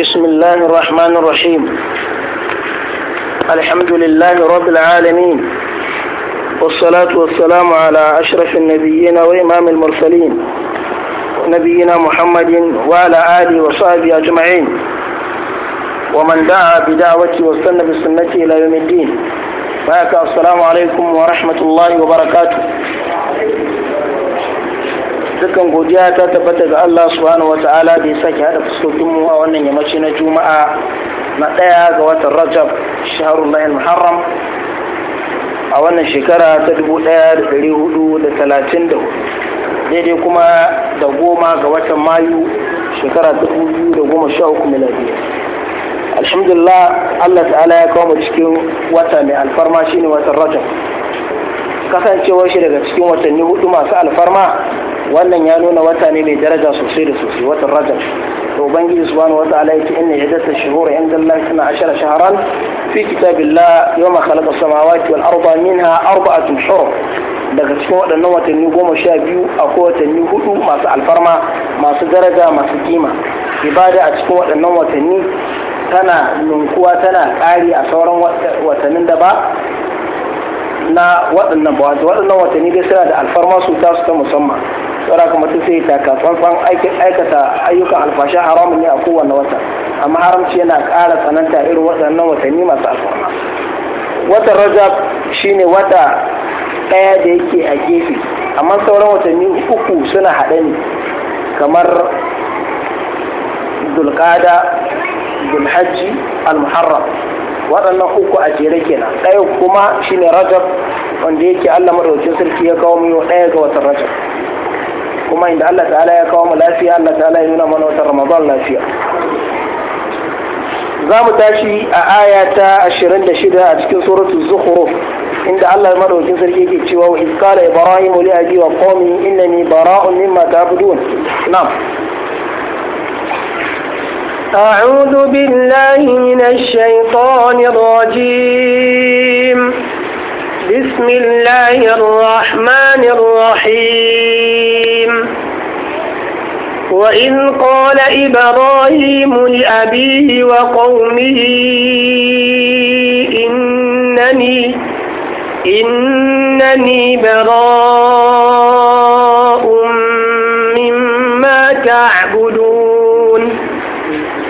بسم الله الرحمن الرحيم الحمد لله رب العالمين والصلاة والسلام على أشرف النبيين وإمام المرسلين نبينا محمد وعلى آله وصحبه أجمعين ومن دعا بدعوته واستنى بسنته إلى يوم الدين السلام عليكم ورحمة الله وبركاته dukkan godiya ta tabbata ga Allah subhanahu ta'ala da ya sake hada fuskokin mu a wannan yammaci na Juma'a na ɗaya ga watan Rajab shaharul layin Muharram a wannan shekara ta 1434 daidai kuma da goma ga watan Mayu shekara ta 2013 miladiya alhamdulillah Allah ta'ala ya kawo mu cikin wata mai alfarma shine watan Rajab kasancewar shi daga cikin watanni hudu masu alfarma wannan ya nuna wata ne mai daraja sosai da sosai watan rajab to ubangiji subhanahu wa ta'ala yace inna iddatash shuhur inda Allah kana ashara shahran fi kitabillah yawma khalaqa as-samawati wal arda minha arba'atun hurum daga cikin waɗannan watanni goma sha biyu akwai watanni hudu masu alfarma masu daraja masu kima ibada a cikin waɗannan watanni tana ninkuwa tana ƙari a sauran watannin da ba na waɗannan ba waɗannan watanni dai suna da alfarma su tasu ta musamman saboda kuma mutum sai ta ka tsantsan aikata ayyukan alfasha haramun ne a kowane wata amma haramci yana ƙara tsananta irin waɗannan watanni masu alfarma watan rajab shine wata ɗaya da yake a gefe amma sauran watanni uku suna haɗe ne kamar dulkada dulhajji almuharram waɗannan uku a jere kenan ɗaya kuma shine rajab wanda yake allah maɗaukin sarki ya kawo mu ɗaya ga watan rajab kuma inda Allah ta'ala ya kawo mu lafiya Allah ta'ala ya nuna mana watan Ramadan lafiya za mu tashi a aya ta 26 a cikin suratul zukhruf inda Allah madaukin sarki yake cewa wa iskala qala ibrahim li abi wa qawmi innani bara'un mimma ta'budun na'am أعوذ بالله من الشيطان الرجيم بسم الله الرحمن الرحيم وإن قال إبراهيم لأبيه وقومه إنني إنني براء مما تعبدون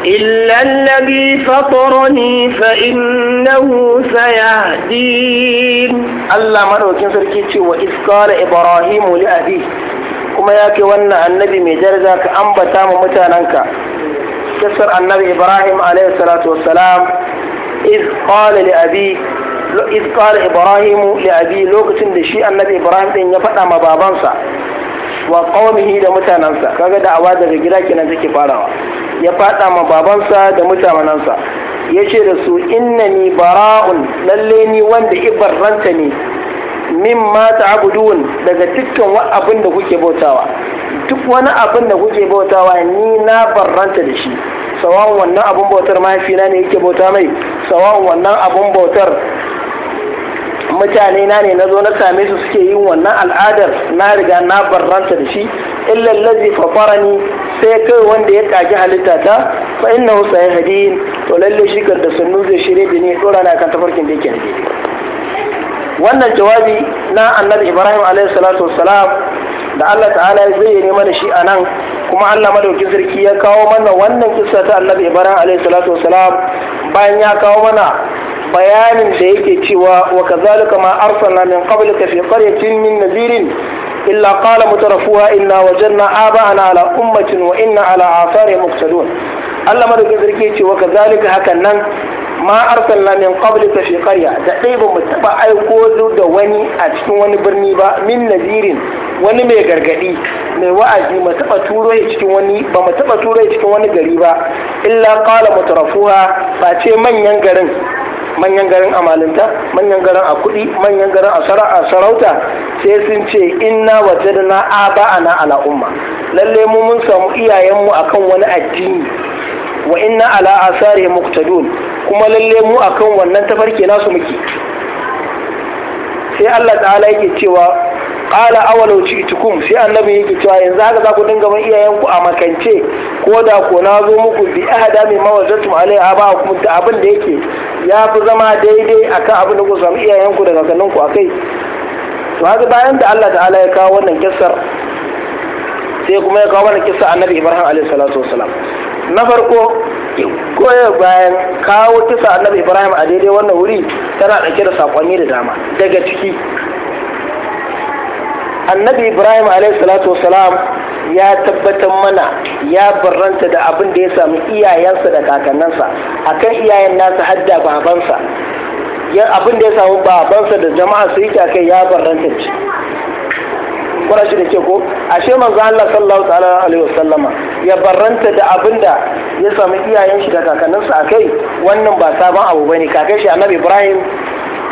إلا الذي فطرني فإنه سيهدين الله مرة كنت وإذ قال إبراهيم لأبيه kuma ya ke wannan annabi mai daraja ka ambata mu mutananka. kisar annabi ibrahim alaihi salatu wassalam iz qala li abi iz qala ibrahim li abi lokacin da shi annabi ibrahim din ya faɗa ma babansa wa qaumihi da mutanensa kaga awa daga gida kenan take farawa ya faɗa ma babansa da mutanensa ya ce da su innani bara'un lalle ni wanda ibarranta ne Min mata ta'budun daga dukkan abin da kuke bautawa duk wani abin da kuke bautawa ni na barranta da shi sawan wannan abin bautar mahaifina ne yake bauta mai sawan wannan abin bautar mutane na ne na zo na same su suke yin wannan al'adar na riga na barranta da shi illa lazi fafarani sai kai wanda ya kaji halitta ta fa inna husa to lalle shi da sunnu zai shirye da ne dora na kan tafarkin da yake wannan jawabi na annabi ibrahim alaihi salatu wassalam da Allah ta'ala ya zayyane mana shi a nan kuma Allah madaukin sarki ya kawo mana wannan kissa ta annabi ibrahim alaihi salatu wassalam bayan ya kawo mana bayanin da yake cewa wa kazalika ma arsalna min qablika fi qaryatin min nadirin illa qala mutarafuha inna wajanna aba'ana ala ummatin wa inna ala athari muqtadun Allah madaukin sarki ya ce wa kazalika hakan nan ma arsalna min qablika fi qarya da dai ba mu taba aiko da wani a cikin wani birni ba min nazirin wani mai gargadi mai wa'azi mu taba turo cikin wani ba mu taba turo cikin wani gari ba illa qala mutrafuha ba ce manyan garin manyan garin amalinta manyan garin a kudi manyan garin a sarauta sai sun ce inna wajadna aba'ana ala umma lalle mu mun samu iyayenmu akan wani addini wa inna ala asari muqtadun kuma lalle mu akan wannan tafarki nasu muke sai Allah ta'ala yake cewa qala awalau ji'tukum sai annabi yake cewa yanzu haka za ku dinga bin iyayenku a makance ko da ko na zo muku bi ahada min mawajjatum alaiha ba ku mutu abin da yake ya fi zama daidai akan abin da ku samu iyayenku daga ku akai to haka bayan da Allah ta'ala ya kawo wannan kissar sai kuma ya kawo mana kissa annabi Ibrahim alaihi salatu wasalam na farko goya bayan kawo kisa annabi ibrahim a daidai wannan wuri tana ɗauke da saƙonni da dama daga ciki annabi ibrahim salatu ya tabbatar mana ya barranta da abin da ya sami iyayensa da kakanninsa akan iyayen nasa hadda babansa abin da ya samu babansa da jama'a su yi kai ya barranta kurashi da ke ko ashe manzo Allah sallallahu ta'ala alaihi wasallama ya barranta da abinda ya samu iyayen shi da kakanninsa akai wannan ba sabon abu bane kakai shi Annabi Ibrahim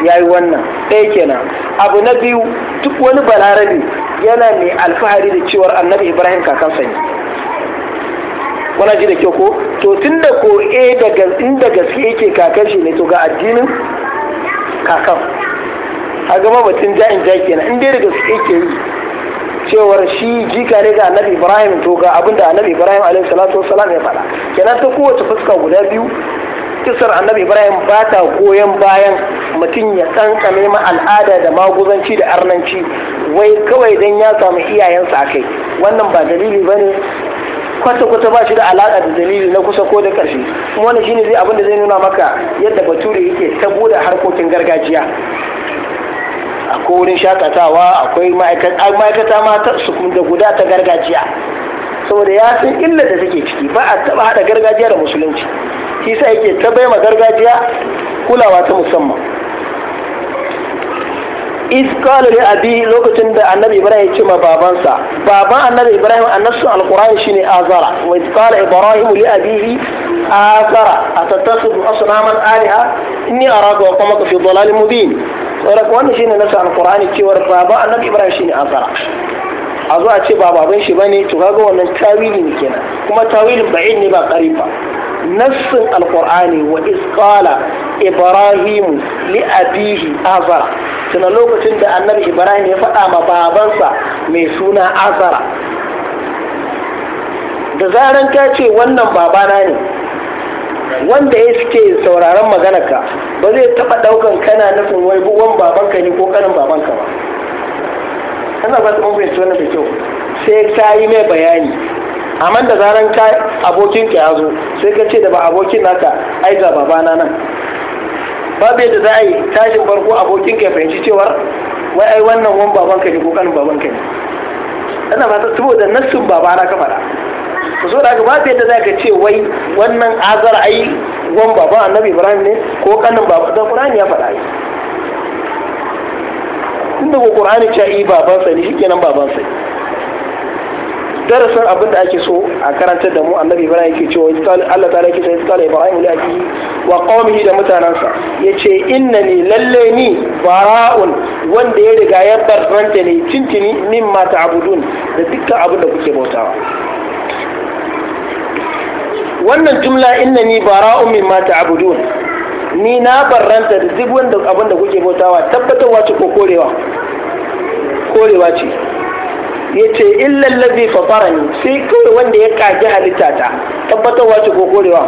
ya yi wannan ɗaya kenan abu na biyu duk wani balarabi yana mai alfahari da cewar annabi ibrahim kakansa ne wana ji da ke ko to tunda da eh daga inda gaske yake kakan shi ne to ga addinin kakan a gama batun ja'in ja kenan in dai da gaske yake yi cewar shi jika ne ga annabi ibrahim to ga abin da annabi ibrahim alaihi salatu wasalam ya faɗa kenan ta kowace fuska guda biyu kisar annabi ibrahim ba ta goyon bayan mutum ya kankame ma al'ada da maguzanci da arnanci wai kawai don ya samu iyayensa a kai wannan ba dalili ba ne kwata-kwata ba shi da alaƙa da dalili na kusa ko da ƙarshe kuma wannan shine zai abin da zai nuna maka yadda bature yake ta bude harkokin gargajiya akwai wurin shakatawa akwai ma'aikata mata su da guda ta gargajiya saboda ya san illar da take ciki ba a taba hada gargajiya da musulunci shi sa yake ta bai ma gargajiya kulawa ta musamman iskalu ne abi lokacin da annabi ibrahim ya ce ma babansa baban annabi ibrahim annasu alqur'ani shine azara wa iskala ibrahim li abihi azara atatakhudhu asnaman alaha inni araka wa qamaka fi dhalalin mubin sauraka wannan shine nasa alqur'ani cewar baba annabi ibrahim shine azara a zuwa ce ba baban shi bane to kaga wannan tawili ne kenan kuma tawilin ba'in ne ba qarib nassin alkur'ani wa isqala ibrahim li abihi azara tana lokacin da annabi ibrahim ya faɗa ma babansa mai suna azara da zaran ka ce wannan babana ne wanda ya suke sauraron maganarka ba zai taɓa ɗaukan kana nufin wai buwan babanka ne ko kanin babanka ba kana ba ta mafi wannan da kyau sai ta yi mai bayani amma da zaran ka abokin ka ya zo sai ka ce da ba abokin naka ai ga babana nan babu yadda za a yi tashin farko abokin ka ya fahimci cewar wai ai wannan wani babanka ne ko kanin babanka ne ana ba ta saboda nassun babana ka faɗa ku so da babu yadda za ce wai wannan azar ai gwan baban annabi ibrahim ne ko kanin baban da qur'ani ya faɗa ai inda ko qur'ani ce ai baban sa ne shikenan baban sa darasin da ake so a karantar da mu annabi ibrahim yake cewa Allah ta'ala yake sai tsala ibrahim li abihi wa qaumihi da mutanansa yace innani lalle ni bara'un wanda ya riga ya barranta ne tintini mimma ta'budun da dukkan abin da kuke bautawa wannan jumla ni innani bara'un ma ta'budun ni na barranta da duk wanda abin da kuke bautawa tabbatarwa ce ko korewa korewa ce yace illa allazi fatarani sai kawai wanda ya kage halitta ta tabbatarwa ce ko korewa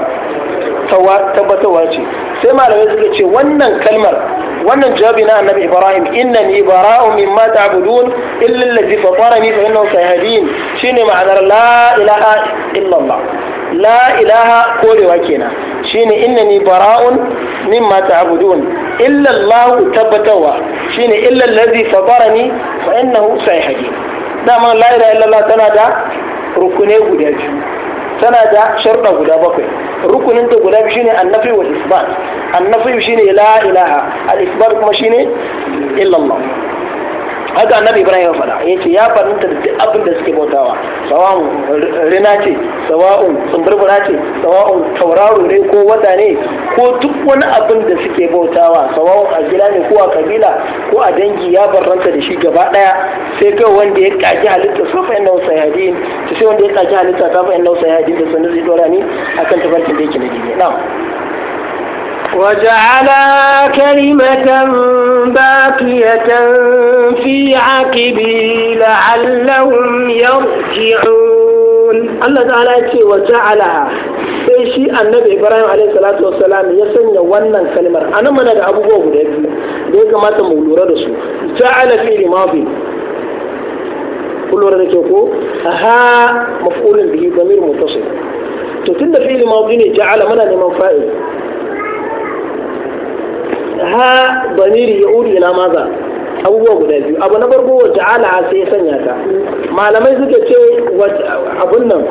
tabbatarwa ce sai malamai suka ce wannan kalmar wannan jawabi na annabi ibrahim innani bara'u mimma ta'budun illa allazi fatarani fa innahu sayahdin shine ma'anar la ilaha illa allah la ilaha korewa kenan shine innani bara'un mimma ta'budun illa allah tabbatawa shine illa allazi fatarani fa innahu sayahdin dama la ilaha illa allah tana da rukune guda biyu tana da sharɗa guda bakwai rukunin ta guda biyu shine annafi wal isbat annafi shine la ilaha al isbat kuma shine illallah haka annabi ibrahim ya faɗa yace ya fadinta da duk abin da suke bautawa sawa'un rina ce sawa'un tsumburbura ce sawa'un tauraro ne ko wata ne ko duk wani abin da suke bautawa sawa'un a gida ne ko a kabila ko a dangi ya faranta da shi gaba daya sai kai wanda ya kaji halitta sa fa innahu sai wanda ya kaji halitta ta fa innahu sayadin da sunan zai dora ni akan tafarkin da yake na dini na'am وجعلها كلمة باقية في عقبه لعلهم يرجعون الله تعالى وجعلها sai shi annabi ibrahim alaihi salatu wassalam ya sanya wannan kalmar anan mana da abubuwa guda biyu da ya kamata mu lura da su ja'ala fi madi ku da ke ko ha maf'ulun bihi damir muttasil to tunda ne ja'ala mana neman fa'il ha zamiri ya uri ila maza abubuwa guda biyu abu na farko wacce ala sai ya sanya ta malamai suka ce abun nan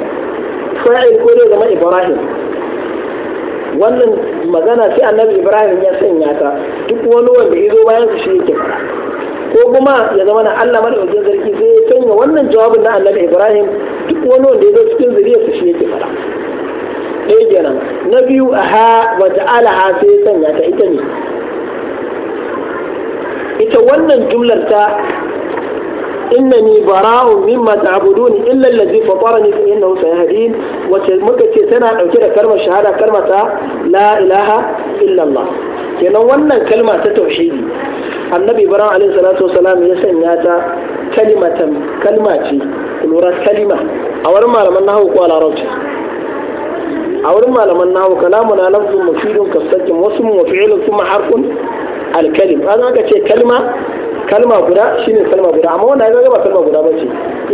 fa'il ko dai zama ibrahim wannan magana sai annabi ibrahim ya sanya ta duk wani wanda ya zo bayan su shi yake ko kuma ya zama na allah wajen sarki sai ya sanya wannan jawabin na annabi ibrahim duk wani wanda ya zo cikin zuriyar su shi yake fara ɗaya kenan na biyu a ha wata ala ha sai ya sanya ta ita ne ita wannan jumlar ta innani bara'un mimma ta'budun illa allazi fatarani fa innahu sayahdin wace muka ce tana dauke da kalmar shahada kalmar ta la ilaha illa Allah kenan wannan kalma ta tauhidi annabi ibrahim alaihi salatu wasalam ya sanya ta kalimatan kalma ce lura kalima a wurin malaman nahawu ko larabci a wurin malaman nahawu kalamuna lafzun mufidun kasajin wasu mu fi'ilun kuma harkun alkalim an aka ce kalma kalma guda ne kalma guda amma wannan ya ba kalma guda bace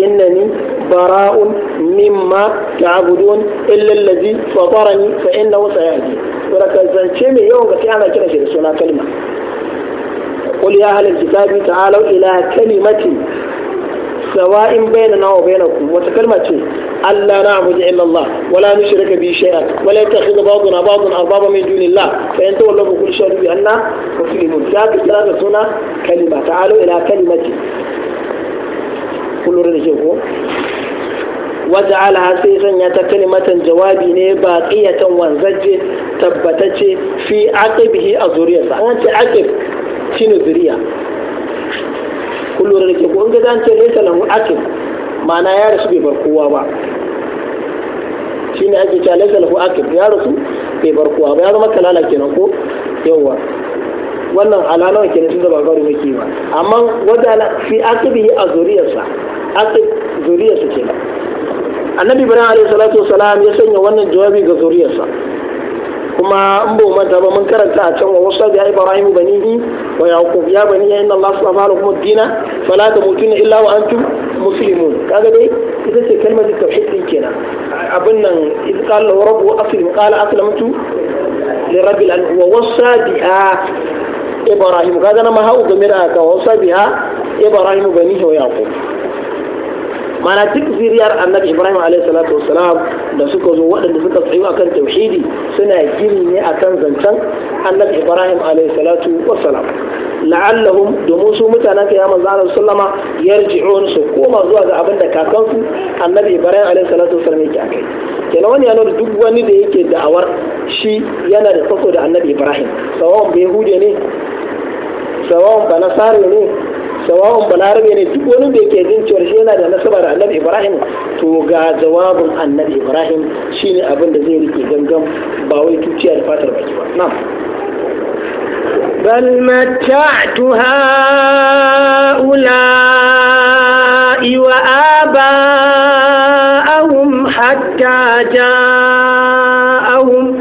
innani bara'un mimma ta'budun illa allazi fatarani fa innahu sayahdi saboda zance mai yawan gaske ana kira shi da suna kalma قل halin أهل الكتاب تعالوا ila kalimatin sawa'in bainana wa bainakum wata kalma ce Allah na abuja allah wala nushrika bi shay'an wala yattakhidha ba'duna ba'dan arbaba min dunillah fa in tawallaw kullu shay'in bi anna muslimun ta ka kira da suna kalima ta'alu ila kalimati kullu da ko waja'alaha sai sanya ta kalimatan jawabi ne ba qiyatan wanzaje tabbatace fi aqibihi a zuriyarsa an ce aqib shine zuriya kullum da ke ko in ce laisa lahu akil ma'ana ya rasu bai bar kowa ba shi ne ake cewa laisa lahu akil ya rasu bai bar kowa ba ya zama kalala kenan ko yawa wannan alalar kenan sun zaba gari yake ba amma wata fi akibihi a zuriyarsa akib zuriyarsa kenan annabi ibrahim alaihi salatu wasalam ya sanya wannan jawabi ga zuriyarsa kuma an bo manta ba mun karanta a can wa wasu da ibrahim banihi wa yaqub ya bani inna allah subhanahu wa ta'ala dina fala tamutunna illa wa antum muslimun kaga dai ita ce kalmar tauhid din kenan abin nan idh qala rabbu aslim qala aslamtu li rabbil alamin wa wasa biha ibrahim kaga na mahau gamira ka wasa biha ibrahim banihi wa yaqub mana duk ziriyar annabi ibrahim alaihissalatu da suka zo waɗanda suka tsayu kan tauhidi suna gini ne a kan zancen annabi ibrahim alaihissalatu la'allahum domin su mutanen kai ya manzo sallama yarji'un su koma zuwa ga abin da kakansu annabi ibrahim alaihissalatu wassalam yake akai kenan wani yana duk wani da yake da'awar shi yana da tsako da annabi ibrahim sawon bai hude ne sawon ba nasare ne سواه بلارم يعني تقولون بكيدين ترجينا لأن صبر النبي إبراهيم توقع جواب النبي إبراهيم شيني أبن دزيري في جنجم باوي توتي الفاتر بجوا نعم بل متعت هؤلاء وآباءهم حتى جاءهم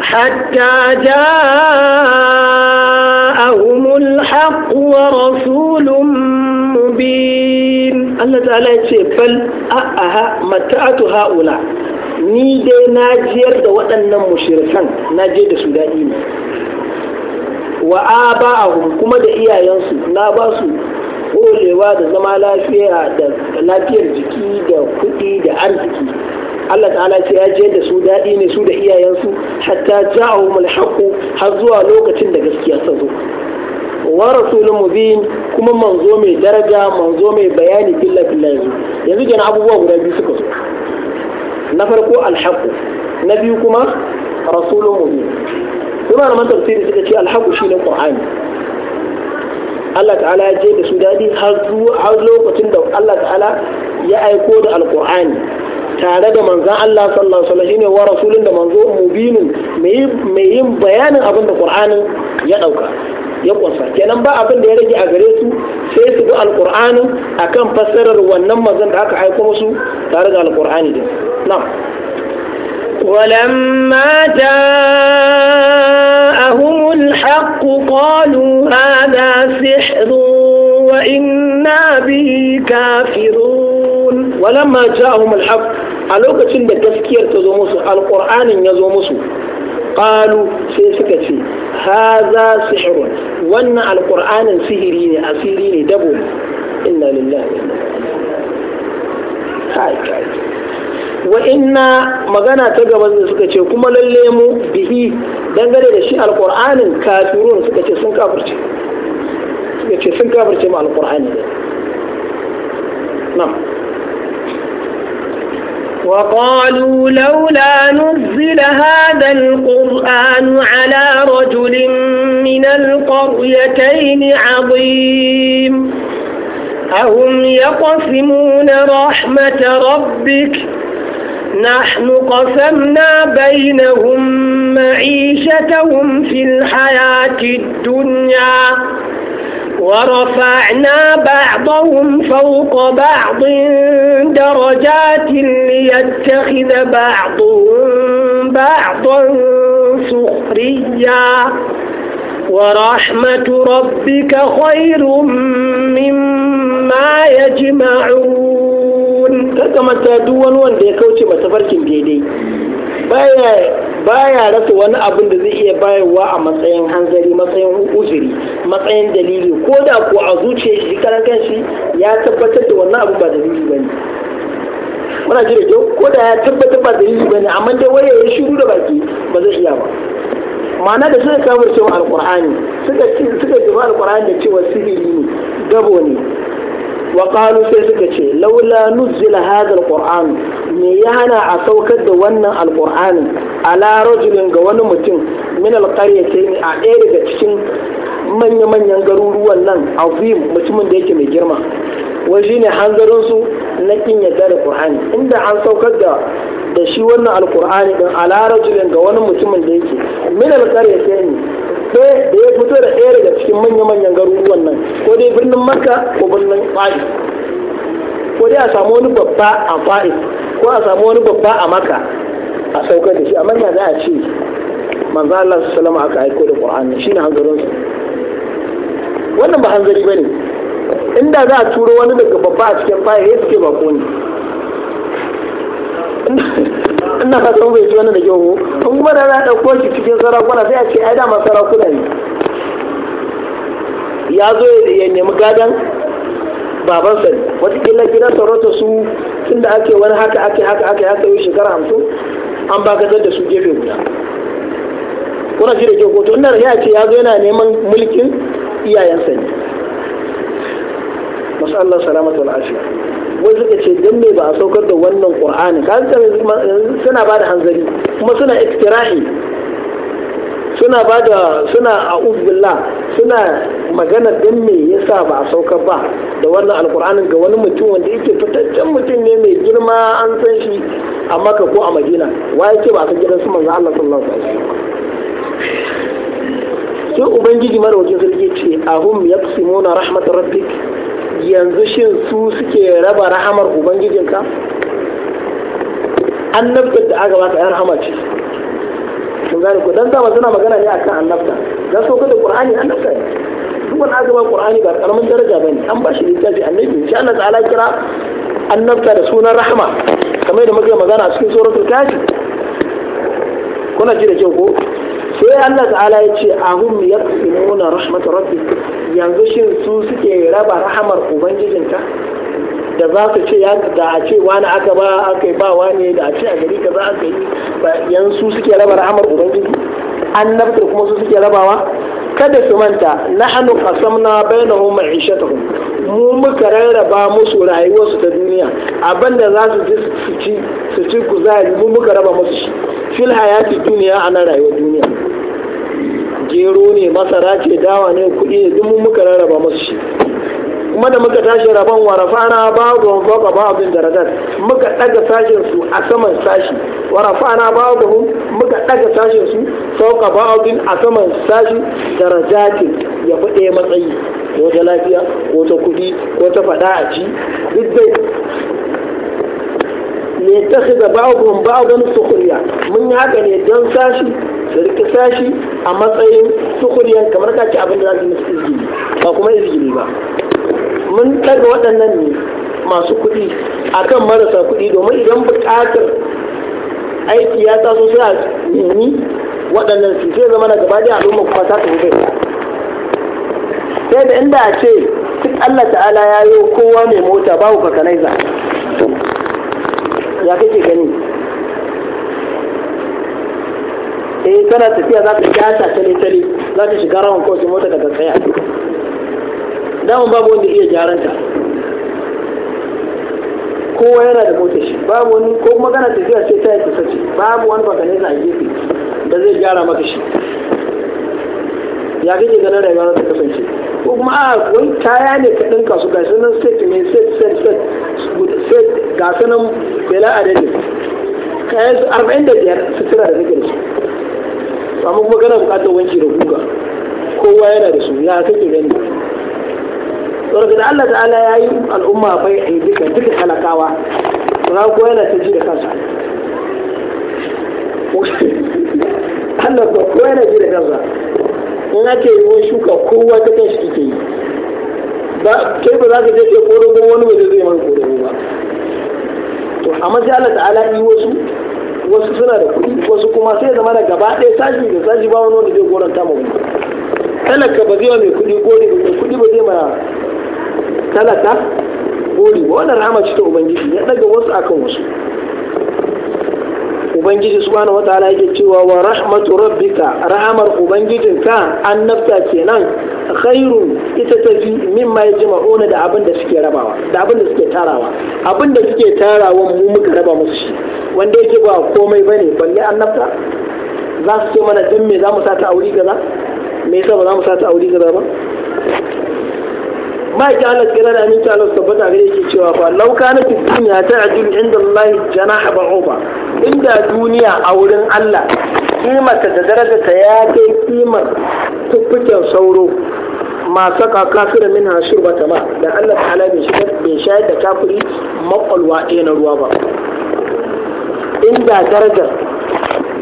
حتى جاءهم الحق ورفع ضلال mubin Allah ta'ala ya ce bal a'aha mata'atu ha'ula ni dai na jiyar da waɗannan mushirikan na je da su daɗi ne wa aba'ahum kuma da iyayensu na ba su kolewa da zama lafiya da lafiyar jiki da kuɗi da arziki Allah ta'ala ce ya je da su daɗi ne su da iyayensu hatta ja'ahum al har zuwa lokacin da gaskiya ta zo wa rasulun mubin kuma manzo mai daraja manzo mai bayani billa filla yanzu yanzu abubuwa guda biyu suka zo na farko alhaqu na biyu kuma rasulun mubin sai malaman tafsiri suka ce alhaqu ne qur'ani Allah ta'ala ya je da su dadi har lokacin da Allah ta'ala ya aiko da alqur'ani tare da manzan Allah sallallahu alaihi wasallam shine wa rasulun da manzo mubinin mai yin bayanin abin da Qur'anin ya dauka ya kunsa kenan ba abin da ya rage a gare su sai su bi a akan fassarar wannan mazan da aka aika musu tare da alqur'ani din na'am ولما جاءهم الحق قالوا هذا سحر وإنا به كافرون ولما جاءهم الحق a lokacin da gaskiyar ta zo musu alƙur'anin ya zo musu qalu sai suka ce haza sihrun wannan alqur'anin sihiri ne asiri ne dabo inna lillahi wa inna magana ta gaban da suka ce kuma lalle mu bihi dangane da shi alqur'anin kafirun suka ce sun kafirce suka ce sun kafirce mu alqur'ani na وقالوا لولا نزل هذا القرآن على رجل من القريتين عظيم أهم يقسمون رحمة ربك نحن قسمنا بينهم معيشتهم في الحياة الدنيا ورفعنا بعضهم فوق بعض درجات ليتخذ بعضهم بعضا سخريا ورحمة ربك خير مما يجمعون كما تدون وان دي كوتي متفركين دي دي baya rasa wani abin da zai iya bayarwa a matsayin hanzari matsayin uzuri matsayin dalili ko da ko a zuciya shi karan kanshi ya tabbatar da wannan abu ba dalili bane muna jira da kyau ko da ya tabbatar ba dalili bane amma dai waye ya shiru da baki ba zai iya ba ma'ana da suka kawo cewa alqur'ani suka ce suka ji alqur'ani da cewa sihiri ne gabo ne wa qalu sai suka ce laula nuzila hadha alqur'an me ya hana a saukar da wannan alqur'ani a rajulin ga wani mutum min ne a ɗaya daga cikin manya-manyan garuruwan nan azim mutumin da yake mai girma waje ne hanzarinsu na kin yadda da qur'ani inda an saukar da da shi wannan alqur'ani din a rajulin ga wani mutumin da yake min ce ne da ya fito da ɗaya daga cikin manya-manyan garuruwan nan ko dai birnin makka ko birnin ƙwari, ko dai a samu wani babba a fadi ko a samu wani babba a maka a saukar da shi amma da za a ce manzo Allah sallallahu alaihi aka aiko da Qur'ani shine hanzarin su wannan ba hanzari bane inda za a turo wani daga babba a cikin baya ya suke bako ne ina ka san bai ci wani da yau ko kuma da za a ɗauko shi cikin sarakuna sai a ce ai dama sarakuna ne ya zo ya nemi gadon babansa ne watakila gidan sarauta su tunda ake wani haka ake haka ake haka yi shekara hamsin an bakatar da su gefe guda kuna shi da ke koto ina ya ce ya zo yana neman mulkin iyayensa ne masu Allah salamata wal afiya wai suka ce don ne ba a saukar da wannan qur'ani kaga suna ba da hanzari kuma suna iktirahi suna ba da suna a uzbillah suna magana don me yasa ba a saukar ba da wannan alkur'anin ga wani mutum wanda yake fitaccen mutum ne mai girma an san shi a maka ko a madina wa yake ba a san gidan su manzo Allah sallallahu alaihi sai ubangiji wajen sarki ce ahum simona rahmat rafik yanzu shin su suke raba rahamar ubangijinka annabtar da aka ta yar rahama ce mun gane ko dan zama suna magana ne akan annabta dan so kada qur'ani annabta ne duk wani aka qur'ani ba karamin daraja bane an ba shi littafi annabi insha Allah ta'ala kira annabta da sunan rahma kamar da muke magana a cikin suratul kafi kuna ji da kyau ko sai Allah ta'ala ya ce ahum yaqsimuna rahmat rabbik yanzu shin su suke raba rahamar ubangijinka da za ka ce da a ce wani aka ba aka yi ba wani da a ce a gari kaza aka yi yan su suke raba ra'amar ubangiji annabta kuma su suke rabawa kada su manta nahnu qasamna bainahum ma'ishatahum mu muka rarraba musu rayuwarsu ta duniya abinda za su ji su ci su ci kuzari mu muka raba musu shi fil hayati duniya ana rayuwar duniya gero ne masara ce dawa ne kuɗi ne duk mu muka rarraba musu shi kuma da muka tashi rabon wa rafana babu fawqa ba'dhin darajat muka daga sashen su a saman sashi wa rafana hun muka daga sashen su fawqa ba'dhin a saman sashi darajatin ya fi ɗaya matsayi ko ta lafiya ko ta kuɗi ko ta faɗa a ci duk dai ne ta shiga ba'dhum ba'dhan sukhriya mun yi haka ne don sashi su rike sashi a matsayin sukuriyan kamar ka abin da za su yi ba kuma izgili ba mun ɗaga waɗannan ne masu kuɗi akan marasa kuɗi domin idan buƙatar aiki ya taso sai a nemi waɗannan su sai zama na gaba da al'umma kuma ta tafi kai sai da inda a ce duk Allah ta'ala ya yi kowa mai mota babu fakanaiza ya kake gani eh tana tafiya za ta gyasa tale tare za ta shiga rawan kowace mota daga tsaya daman babu wanda iya gyaran ta kowa yana da motar shi babu wani ko kuma gana tafiya ce ta yi kusa ce babu wani baka nesa a gefe da zai gyara maka shi ya kake ganin rayuwa za ta kasance ko kuma a wai kaya ne ka ɗinka su gasu nan set mai set set set set gasu nan bela adadin kaya su arba'in da biyar sutura da nake da su amma kuma kana buƙatar wanki da guga kowa yana da su ya kake gani saboda da Allah ta'ala ya yi al'umma bai a duka duka talakawa suna ko yana ta ji da kansa Allah ba ko yana ji da kansa in ake yi wani shuka kowa ta kan shi ke yi ke ba za ka je kai kodogon wani wajen zai man kodogon ba to amma sai Allah ta'ala yi wasu wasu suna da kuɗi wasu kuma sai zama da gaba ɗaya sashi da sashi ba wani wanda zai goranta ma wani talaka ba zai wa mai kuɗi ko ne kuɗi ba zai ma talaka gori ba wannan rahama ce ta ubangiji ya daga wasu akan wasu ubangiji subhanahu wataala yake cewa wa rahmatu rabbika rahamar ubangijinka annabta kenan khairun ita ta fi mimma yajma'una da abin da suke rabawa da abin da suke tarawa abin da suke tarawa mu muka raba musu shi wanda yake ba komai bane balle annabta za su ce mana dan me za mu sa ta aure gaza me yasa ba za mu sa ta aure gaza ba ma'aikin Allah tsira da aminci Allah tabbata gare shi cewa fa law kana fi dunya ta'dil inda Allah janaha ba'uba inda duniya a wurin Allah kimarta da darajarta ya kai kimar tuffuken sauro masu kafira min hashir ba ta ba da Allah ta'ala bai shigar bai shayar da kafiri makwalwa ɗaya na ruwa ba inda darajar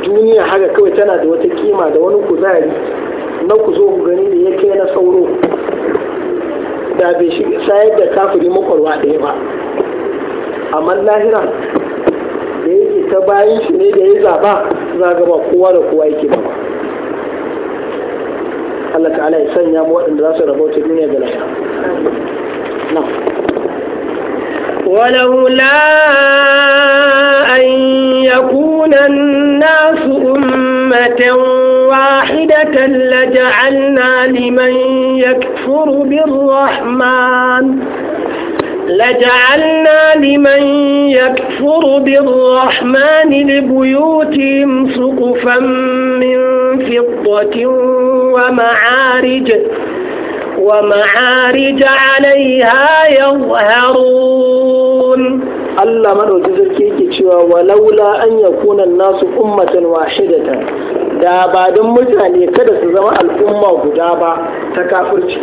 duniya haka kawai tana da wata kima da wani kuzari na kuzo gani da ya kai na sauro da bai sayar da kafiri makwarwa ɗaya ba amma lahira da yake ta bayan shi ne da ya zaba za ga ba kowa da kowa yake ba Allah ta'ala ya sanya mu waɗanda za su rabauta duniya da lahira na ولولا أن يكون الناس أمة واحدة لجعلنا لمن يكفر بالرحمن لجعلنا لمن يكفر بالرحمن لبيوتهم سقفا من فضة ومعارج ومعارج عليها يظهرون الله من أجزر ولولا أن يكون الناس أمة واحدة da ba don mutane kada su zama al'umma guda ba ta kafirci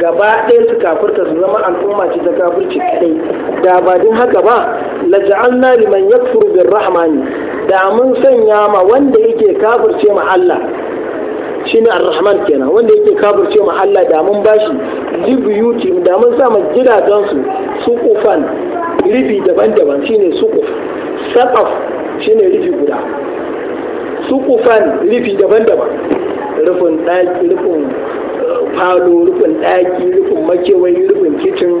gaba ɗaya su kafirta su zama al'umma ce ta kafirci kadai da ba don haka ba na liman yakfuru bin rahmani da mun sanya ma wanda yake kafirce ma Allah ne al rahman kenan wanda yake kafirce ma Allah da mun bashi libiyuti da mun sa ma gidajen su kufan ribi daban-daban shine Saƙaf shi ne ribi guda sukufan rufi daban-daban rufin ɗaki rufin eh, falo rufin ɗaki rufin makewayi rufin kicin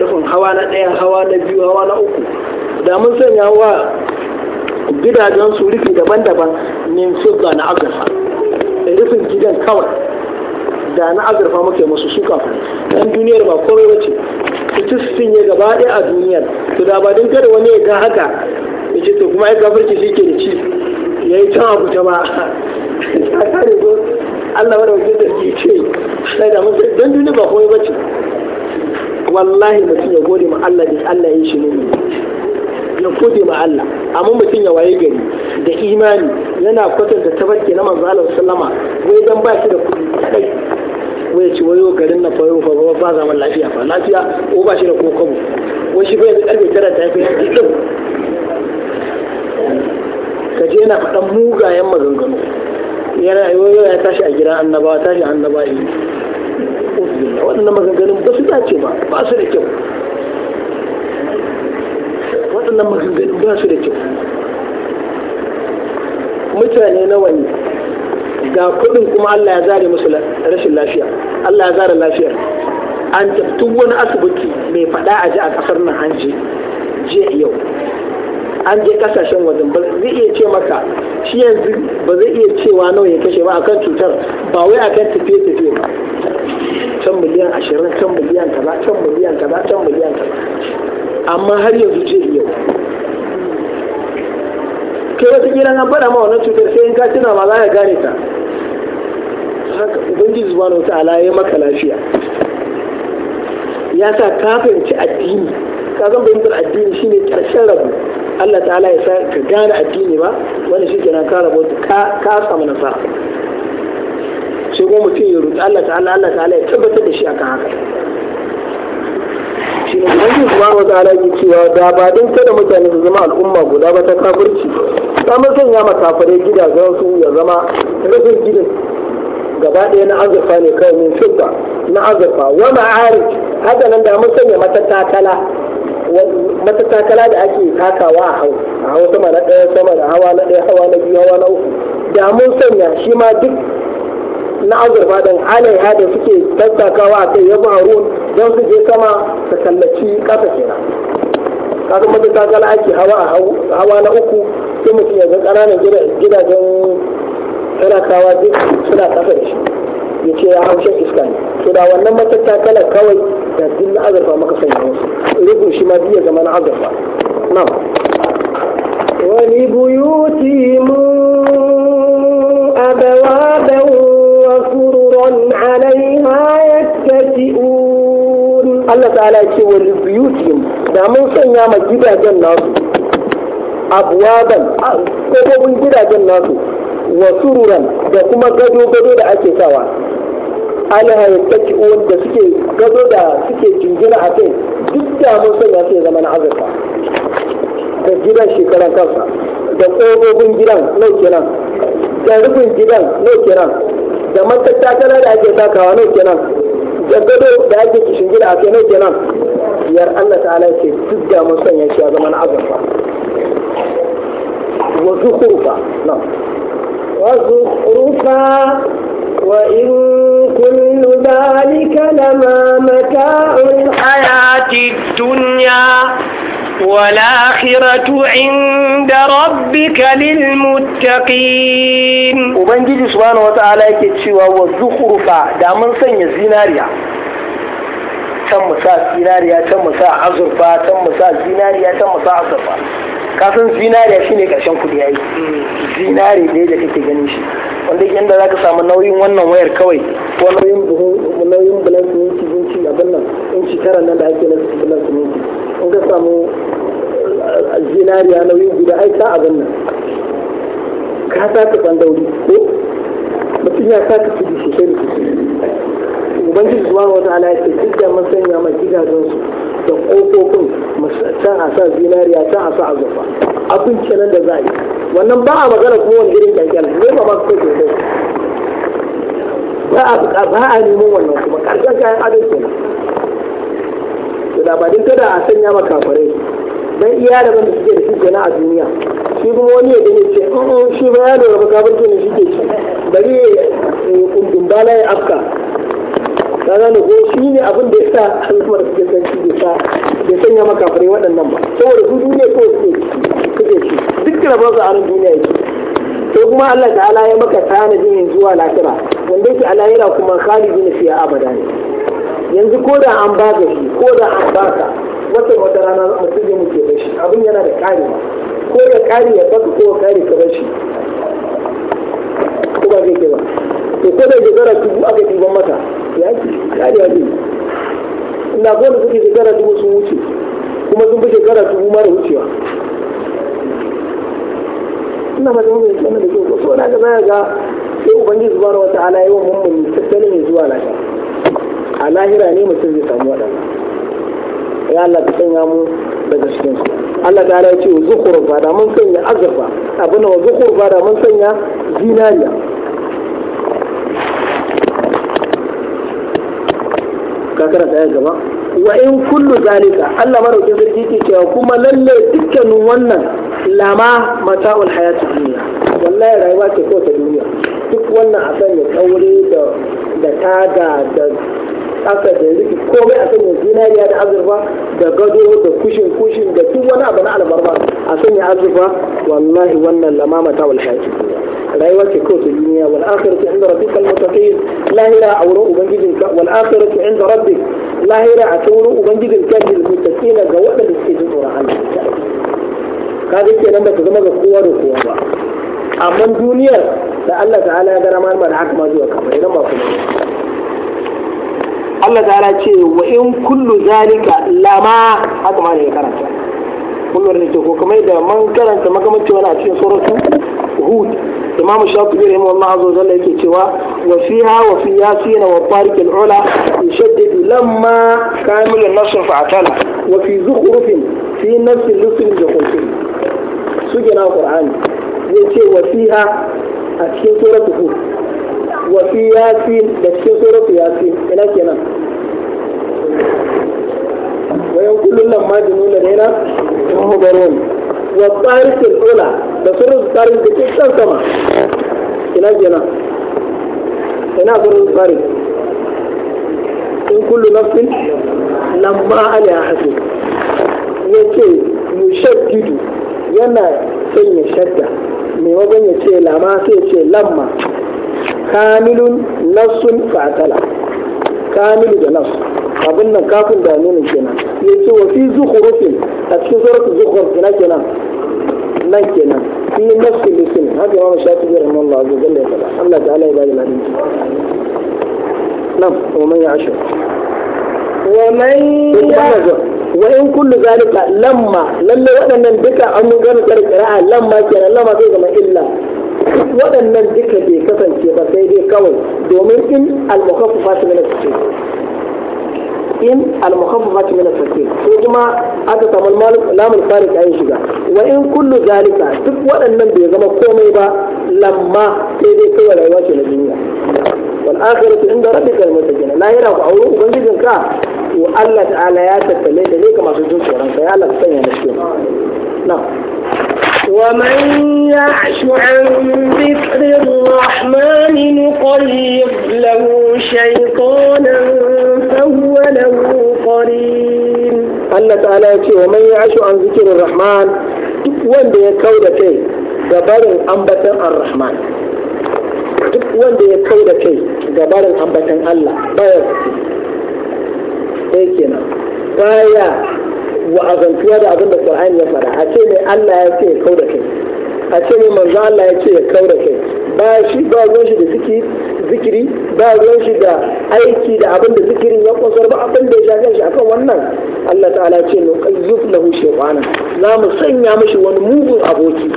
rufin hawa na ɗaya hawa na biyu hawa na uku da mun sanya wa gidajen su rufi daban-daban su fidda na azurfa rufin gidan kawai da na azurfa muke musu su ɗan duniyar ba komai ba ce ita sun yi gaba ɗaya a duniyar su da ba dinkar wani ya ga haka ya ce to kuma ya kafirci shi ke da ci ya yi can abu ba ta kare ko Allah wani wajen da ke ce sai da musu don duniya ba kuma bace wallahi mutum ya gode ma Allah da Allah ya shi ne ya gode ma Allah amma mutum ya waye gari da imani yana kwatanta tabarki na manzo Allah sallama wai dan ba shi da kudi kai wai ci wayo garin na fayo fa ba zaman lafiya fa lafiya ko ba shi da kokobo wai shi bai da karfe tara ta yi fi ka je yana faɗan mugayen maganganu yana yoyo ya tashi a gidan annabawa tashi Annaba yi waɗannan maganganun ba su dace ba ba su da kyau waɗannan maganganun ba su da kyau mutane nawa ne ga kuɗin kuma Allah ya zare musu rashin lafiya Allah ya zare lafiyar an tafi wani asibiti mai faɗa a ji a ƙasar nan an je je yau an je kasashen wajen ba zai iya ce maka shi yanzu ba zai iya cewa nawa ya kashe ba akan cutar ba wai akan tafiye-tafiye ba can miliyan ashirin can miliyan kaza can miliyan kaza can miliyan kaza amma har yanzu ce yau ke wata kila na faɗa ma wannan cutar sai in ka tuna ma za ya gane ta haka ubangiji subhanahu ta'ala ya maka lafiya ya sa ka fahimci addini ka zan fahimtar addini shine karshen rabu Allah ta'ala ya sa ka gane addini ba wani shi kenan ka rabu ka ka samu nasara sai kuma mutum ya rutu Allah ta'ala Allah ta'ala ya tabbatar da shi a kan haka shi ne wani kuma wa ta'ala yake cewa da ba din kada mutane su zama al'umma guda ba ta kafirci kamar sanya gida gidajen su ya zama rufin gidan gaba ɗaya na azurfa ne kawai min fidda na azurfa wa ma'arij haka nan da mun sanya mata takala matattakala da ake takawa a hau a hau sama na ɗaya sama da hawa na ɗaya hawa na biyu hawa na uku da mun sanya shi ma duk na azurfa ɗin alaiha da suke tattakawa a kai yabu harun don su je sama ta kallaci ƙasa kenan kasu matattakala ake hawa a hawa na uku sai mutum yanzu ƙananan gidajen talakawa duk suna ƙasa da shi ya ce ya haushe iska ne to da wannan kala kawai da duk na azurfa maka sanya musu rubu shi ma biya zama na azurfa na wani buyuti mu abawaban wa fururan alaiha yattati'un Allah ta'ala ya ce wani buyuti da mun sanya ma gidajen nasu abuwaban kofofin gidajen nasu wa sururan da kuma gado-gado da ake sawa alaha ya kaki wanda suke gado da suke jingina a kai duk da mun sanya su ya zama na azurfa da gidan shekaran kansa da ƙofofin gidan nau kenan da rufin gidan nau kenan da matattakala da ake takawa nau kenan da gado da ake kishin gida a kai nau kenan yar Allah ta'ala ce duk da mun sanya shi ya zama na azurfa wa zuhurfa na wa zuhurfa wa in وكل ذلك لما متاع الحياة الدنيا والآخرة عند ربك للمتقين وبنجي سبحانه وتعالى يكتشوا والزخرفة دامن سنة زيناريا can mu sa zinariya can mu sa azurfa can mu sa zinariya can mu sa azurfa kasan zinariya shine karshen kudi yayi zinari ne da kake ganin shi wanda za ka samu nauyin wannan wayar kawai ko nauyin buhu nauyin bulan siminti inci abin nan inci tara nan da ake na bulan ne in ka samu eh, zinariya nauyin guda ai ta abin nan ka ta ka wuri ko mutum ya sa ka kudi sosai da sosai ubangiji zuwa wata ya ce duk da mun sanya mai gidajensu da ƙofofin can a sa zinariya can a sa azurfa abin kenan da za a yi wannan ba a magana kuma wani irin kyakkyan ne ba ba su kai ba a ba a neman wannan kuma karshen kayan adon kenan to da labarin kada a sanya ma kafirai dan iya da ban da suke da shi na a duniya shi kuma wani ya gani ce shi ba ya lura ba kafirci ne shi ke ci bari ya eh, kundin bala ya afka ka gane ko shi ne abin da ya sa al'ummar suke san shi bai sa bai sanya maka fure waɗannan ba saboda su duniya ko su suke ci duk rabon su a nan duniya yake sai kuma Allah ta'ala ya maka tanadin yanzu zuwa lafira wanda yake Allah yana kuma khalidin fiya abada ne yanzu ko da an ba ka shi ko da an baka wata wata rana mutum zai muke da shi abin yana da ƙari ko ya ƙari ya baka ko ya ƙari ka bar shi ko ba zai ke ba to ko da jazara dubu aka ɗiban mata ya ce kariya ne ina da suke shekara dubu sun wuce kuma sun fi shekara dubu mara wucewa ina ba da mun yi da kyau so na ga za ga sai ubangiji subhanahu wataala yayi wa mummuni tattalin ya zuwa lahira a lahira ne mutum zai samu waɗannan ya Allah ka sanya mu daga cikin su Allah ta ya ce zukurfa da mun sanya azurfa abin da zukurfa da mun sanya zinariya ka karanta ya gaba wa in kullu zalika Allah madaukin sarki ke cewa kuma lalle dukkanin wannan lama mata'ul hayatu duniya wallahi rayuwa ce ko ta duniya duk wannan a sanya kaure da da taga da aka da riki komai a sanya zinariya da azurfa da gado da kushin kushin da duk wani abu na albarba a sanya azurfa wallahi wannan lama mata'ul hayatu duniya rayuwa ce kawai ta duniya wal akhiratu inda rabbika al muttaqin lahira a wurin ubangijinka wal akhiratu inda rabbik lahira a ta wurin ubangijinka lil muttaqin ga waɗanda suke jin tsoron Allah ka ga kenan ba ta zama ga kowa da kowa ba amma duniyar da Allah ta'ala ya gara ma da haka ma zuwa kamar idan ba kuma Allah ta'ala ce wa in kullu zalika lama haka ma ne karanta kullum ne ko kamar da man karanta makamancin wani a cikin suratu hud imamu shafi'i rahimahullah azza wa jalla yake cewa wa fiha wa fi yasin wa tariq al-ula yushaddid lamma kamil an-nasr fa atala wa fi zukhruf fi nafs al-lusl zukhruf suje na qur'ani yace wa fiha a cikin suratul hud wa fi yasin da cikin suratul yasin ina kenan wayan kullun lamma dinuna ne na mubarun wa tsarikin ola da surun tsarin da ke san sama ina kenan ina surun tsarin in kullu nafsin lamma ya ce, mu yushaddidu yana sanya shadda maimakon ya ce lama sai ya ce lamma kamilun nafsun fatala kamilu da nafs abin nan kafin da nuna kenan ya ce wa fi zukhrufin a cikin suratul zukhruf kenan kenan nan kenan fi nafsin bisin haka zai shafi'i rahimahullah azza jalla ya Allah ta'ala ya bada ladan nan wa man ya'ashur wa man ya'ashur وإن كل ذلك لما لما وأنا ندك أمو كان قراءة لما كان لما زي ما إلا وأنا ندك دي كفن شيء بس هي كوي دومين إن المخففات من الشيء إن المخففة من الترتيب إجماع هذا تمام المال لا من فارق أي شيء وإن كل ذلك تقوى أن نبي زما قومي با لما تيدي كوى العواش الدنيا والآخرة عند ربك المتجنة لا يرى أولو وبنجد كا وألا تعالى يا تتلي ليك ما تجوز ورانك يا الله تسيا نشكو نعم ومن يعش عن ذكر الرحمن ta'ala ya ce wa man yashu an zikirin rahman duk wanda ya kau da kai ga barin ambatan ar-rahman duk wanda ya kau da kai ga barin ambatan Allah baya sai kenan baya azantuwa da abin da Qur'ani ya fara a ce mai Allah ya ce kau da kai a ce mai manzo Allah ya ce kau da kai ba shi ba ruwan shi da suke zikiri ba ruwan shi da aiki da abin da zikirin ya kunsar ba abin da ya shafi shi akan wannan Allah ta'ala ce no qayyuf lahu shaytana za mu sanya mishi wani mugun aboki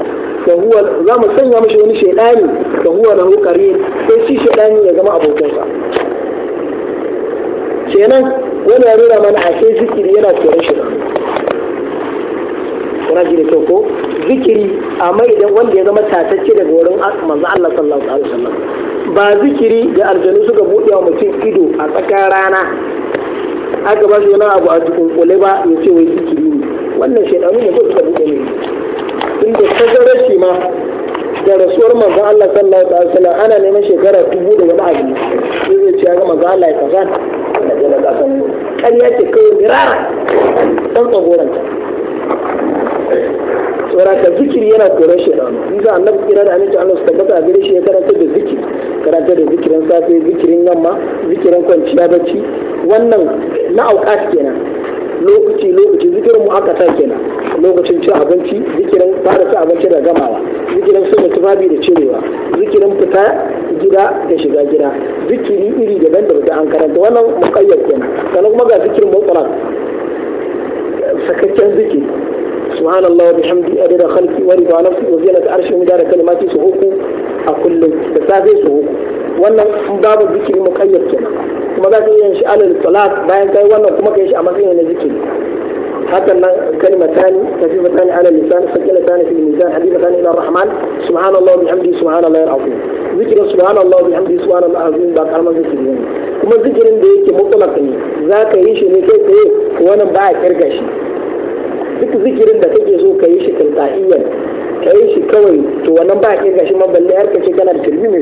da huwa za mu sanya mishi wani shaytani da huwa lahu qarin sai shi shaytani ya zama abokinsa kenan wani ya nuna mana ashe zikiri yana tsoron shi kuna ji da kyau ko zikiri amma idan wanda ya zama tatacce daga wurin manzo Allah sallallahu alaihi wasallam ba zikiri da aljanu suka buɗe wa mutum ido a tsakar rana aka ba su yana abu a cikin kule ba ya ce wai zikiri ne wannan shaidanu ne kuma suka buɗe ne inda zara shi ma da rasuwar manzo Allah sallallahu alaihi wasallam ana neman shekara dubu da wani abu sai zai ce ya ga manzon Allah ya kaza da jana kasan ƙarya ce kawai mirara dan tsagoranta saboda zikiri yana koran shaidanu in za a annabi kira da aminci Allah su tabbata a gare shi ya karanta da zikiri karanta da zikirin safe zikirin yamma zikirin kwanciya bacci wannan na aukat kenan lokaci lokaci zikirin mu aka sa kenan lokacin cin abinci zikirin fara cin abinci da gamawa zikirin sanya tufafi da cirewa zikirin fita gida da shiga gida zikiri iri daban da an karanta wannan muƙayyar kenan sannan kuma ga zikirin mutlaq sakakken zikiri سبحان الله وبحمده أدد خلقي ورضا نفسي وزينة عرشي ومدار كلماتي سهوكو a kullum da safe su uku wannan babu zikiri muqayyad kenan kuma za ka yi shi alal salat bayan kai wannan kuma kai shi a matsayin na zikiri hakan nan kalimatani tani ala lisan sakilatani fil mizan hadifatani ila rahman subhanallahi wa bihamdihi subhanallahi alazim zikirin subhanallahi wa bihamdihi subhanallahi alazim ba kalmar zikiri ne kuma zikirin da yake mutlaq ne za ka yi shi ne kai tsaye wannan ba a kirga shi duk zikirin da kake so ka yi shi tilqaiyan kai shi kawai to wannan ba ke gashi ma balle har kace kana tilmi ne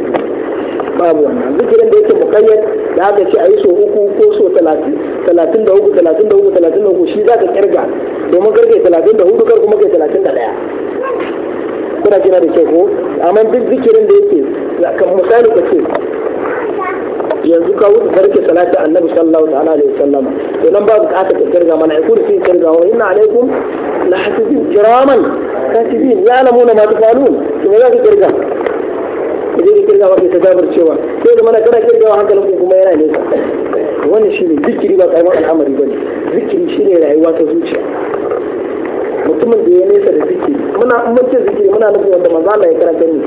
babu wannan zikirin da yake muqayyad da aka ce ayi so uku ko so 30 33 34 34 shi za ka kirga domin karkai 34 kar kuma kai 31 kuna jina da ke ko amma duk zikirin da yake misali ka ce yanzu ka wuce farke salati annabi sallallahu ta'ala alaihi wasallam to nan ba bukatar ka kirga mana ai kursi kirga wa inna alaikum la hasibin kiraman katibin na ma tafalun to me ka kirga idan ka kirga wata tajabar cewa sai da mana kana wa hankalin ku kuma yana nesa wannan shine zikiri ba kai ma al'amari bane zikiri shine rayuwa ta zuciya mutumin da ya nesa da zikiri muna mun zikiri muna nufin wanda manzo Allah ya karanta ni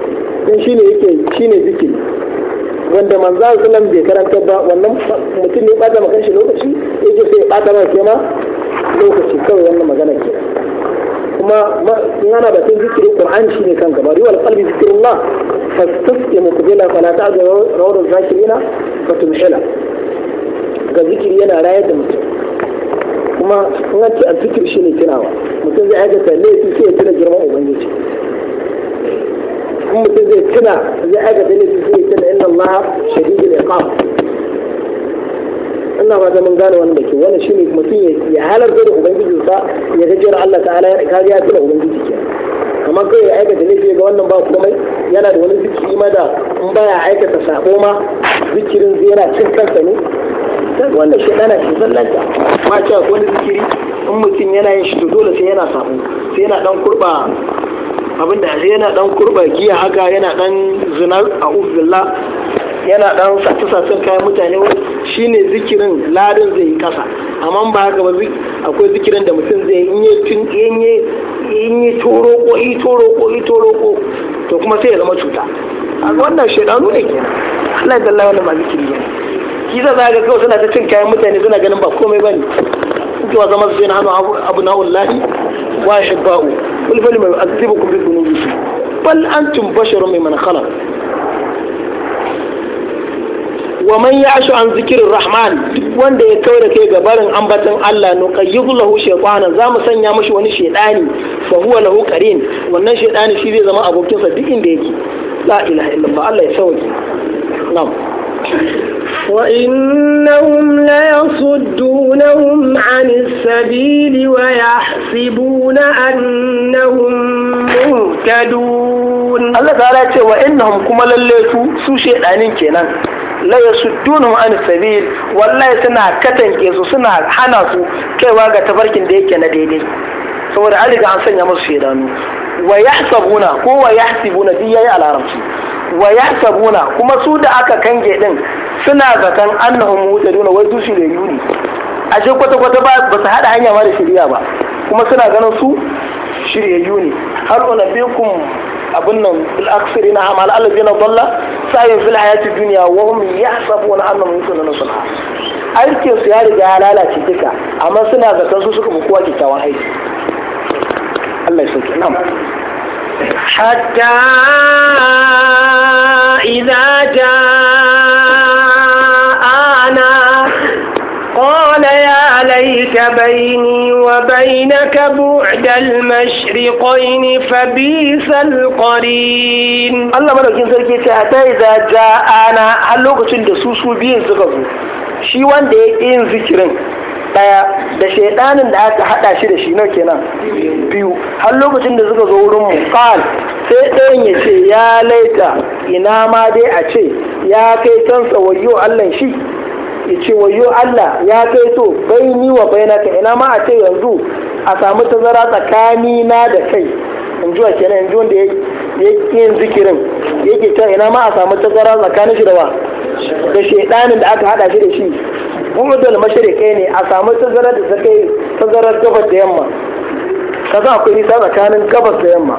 dan shine yake shine zikiri wanda manzo sunan bai karanta ba wannan mutum ne bata makan shi lokaci ya je sai bata ma ke ma lokaci kawai wannan magana ke kuma in da cikin zikirin qur'ani shine kan gaba riwal qalbi zikrullah fastasqimu qibla fala ta'du rawd zakirina Fatumshala, ga zikiri yana rayar da mutum kuma in ce a zikir shine tunawa mutum zai aikata laifi sai ya tuna girman ubangiji in mutum zai tuna zai aikata laifi su ya tuna inna Allah shadidul iqab ina ba mun gane wannan dake wannan shine mutum ya halarta da ubangiji sa ya ga jira Allah ta'ala ya kaga ya tuna ubangiji ke amma kai ya da laifi ga wannan ba komai yana da wani zikiri ma da in baya aikata sabo ma zikirin zai yana cin kansa ne wannan shi dana shi sallanta ma cewa wani zikiri in mutum yana yin shi to dole sai yana sabo sai yana dan kurba abinda yana dan kurba giya haka yana dan zinar a ubilla yana dan sace-sacen kayan mutane shine zikirin ladin zai yi kasa amma ba haka ba akwai zikirin da mutum zai yi yi tun yi toro ko yi toro ko yi toro ko to kuma sai ya zama cuta wannan shaidanu ne kenan Allah ya dalla wannan ba zikiri ne kisa za ga kawai suna ta cin kayan mutane suna ganin ba komai bane انتوا عظمت بين عنه ابناء الله واحباؤه قل فلما يؤذبكم بذنوبكم بل انتم بشر ممن خلق ومن يعش عن ذكر الرحمن duk wanda ya kaura kai ga barin ambaton Allah no qayyidu lahu shaytana za mu sanya mashi wani shaytani fa huwa lahu qarin wannan shaytani shi zai zama abokin sa duk inda yake la ilaha illallah Allah ya sauke na'am وإنهم ليصدونهم عن السبيل ويحسبون أنهم مهتدون الله تعالى وإنهم كما لليتوا سوشي أنين كنان la yasuddunhum an sabil wallahi suna katanke su suna hana su kaiwa ga tafarkin da yake na daidai saboda an an sanya musu shedanu wa yahsabuna ko wa yahsibuna duk yayi a wa ya sabuna kuma su da aka kange din suna zaton annahum muhtaduna wai su yuni a ashe kwata kwata ba ba su hada hanya ma da shirya ba kuma suna ganin su shiryayyu har una unabbikum abin nan bil aksari na amal allazina dalla sayin fil hayati dunya wa hum yahsabuna annahum mutaduna sulha aikin su ya riga ya lalace duka amma suna zaton su suka bukuwa kowa aiki Allah ya sauke na'am حتى إذا جاءنا قال يا ليت بيني وبينك بعد المشرقين فبيس القرين الله ملوكين سلكي حتى إذا جاءنا هل لوكتين دسوسو بين سكفو شي وان دي ذكرين ɗaya da shaidanin da aka haɗa shi da shi nau kenan biyu har lokacin da suka zo wurin mu qal sai ɗayan ya ce ya laita ina ma dai a ce ya kai kansa wayo Allah shi ya ce wayo Allah ya kai to ni wa bai bainaka ina ma a ce yanzu a samu tazara tsakani na da kai in ji wa kenan in ji wanda ya yin zikirin yake can ina ma a samu tazara tsakanin shi da wa da shaidanin da aka haɗa shi da shi gumudul mashirikai ne a samu tazarar da ta kai tazarar gabas da yamma kaza akwai nisa tsakanin gabas da yamma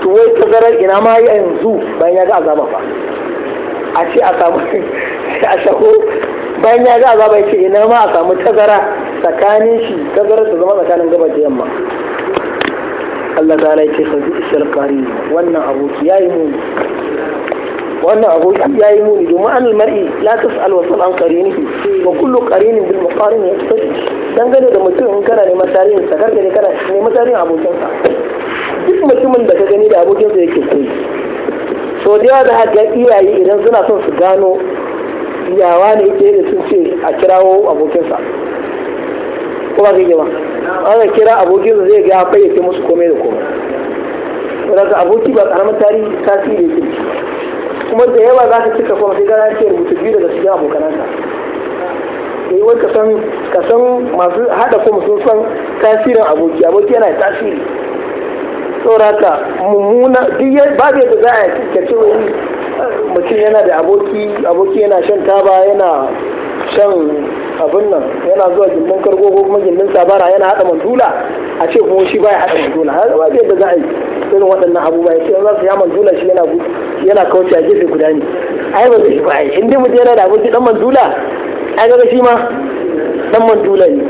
to wai tazarar ina ma yanzu bayan ya ga azaba fa a ce a samu a shaho bayan ya ga azaba ya ce ina ma a samu tazara tsakanin shi tazarar ta zama tsakanin gabas da yamma Allah ta ya ce isar bi wannan ya yi muni wannan aboki ya yi muni domin an mar'i la tas'al wa an karini wa kullu qarinin bil muqarin yastati dangane da mutum in kana neman tarihin sa karka ne kana neman tarihin abokin sa duk mutumin da ka gani da abokinsa sa yake koyi so da yawa da haka iyaye idan suna son su gano yawa ne yake da sun ce a kirawo abokinsa ko ba ka zai ba aka kira abokin sa zai ga fayyace musu komai da komai saboda aboki ba karamin tarihi tasiri yake kuma da yawa za ka cika kuma sai ya ce rubutu biyu daga cikin abokananka sai eh, wai ka san masu hada kuma sun san tasirin aboki aboki yana tasiri tsoraka mummuna duk babu yadda za a yi cewa mutum yana da aboki aboki yana shan taba yana can abin nan yana zuwa gindin kargo ko kuma gindin sabara yana hada mandula a ce kuma shi baya hada mandula har ba da za a yi irin waɗannan abubuwa ya ce za su ya mandula shi yana yana kauce a gefe guda ne ai ba zai ba ai inda mutum yana da abinci dan mandula ai ga shi ma dan mandula ne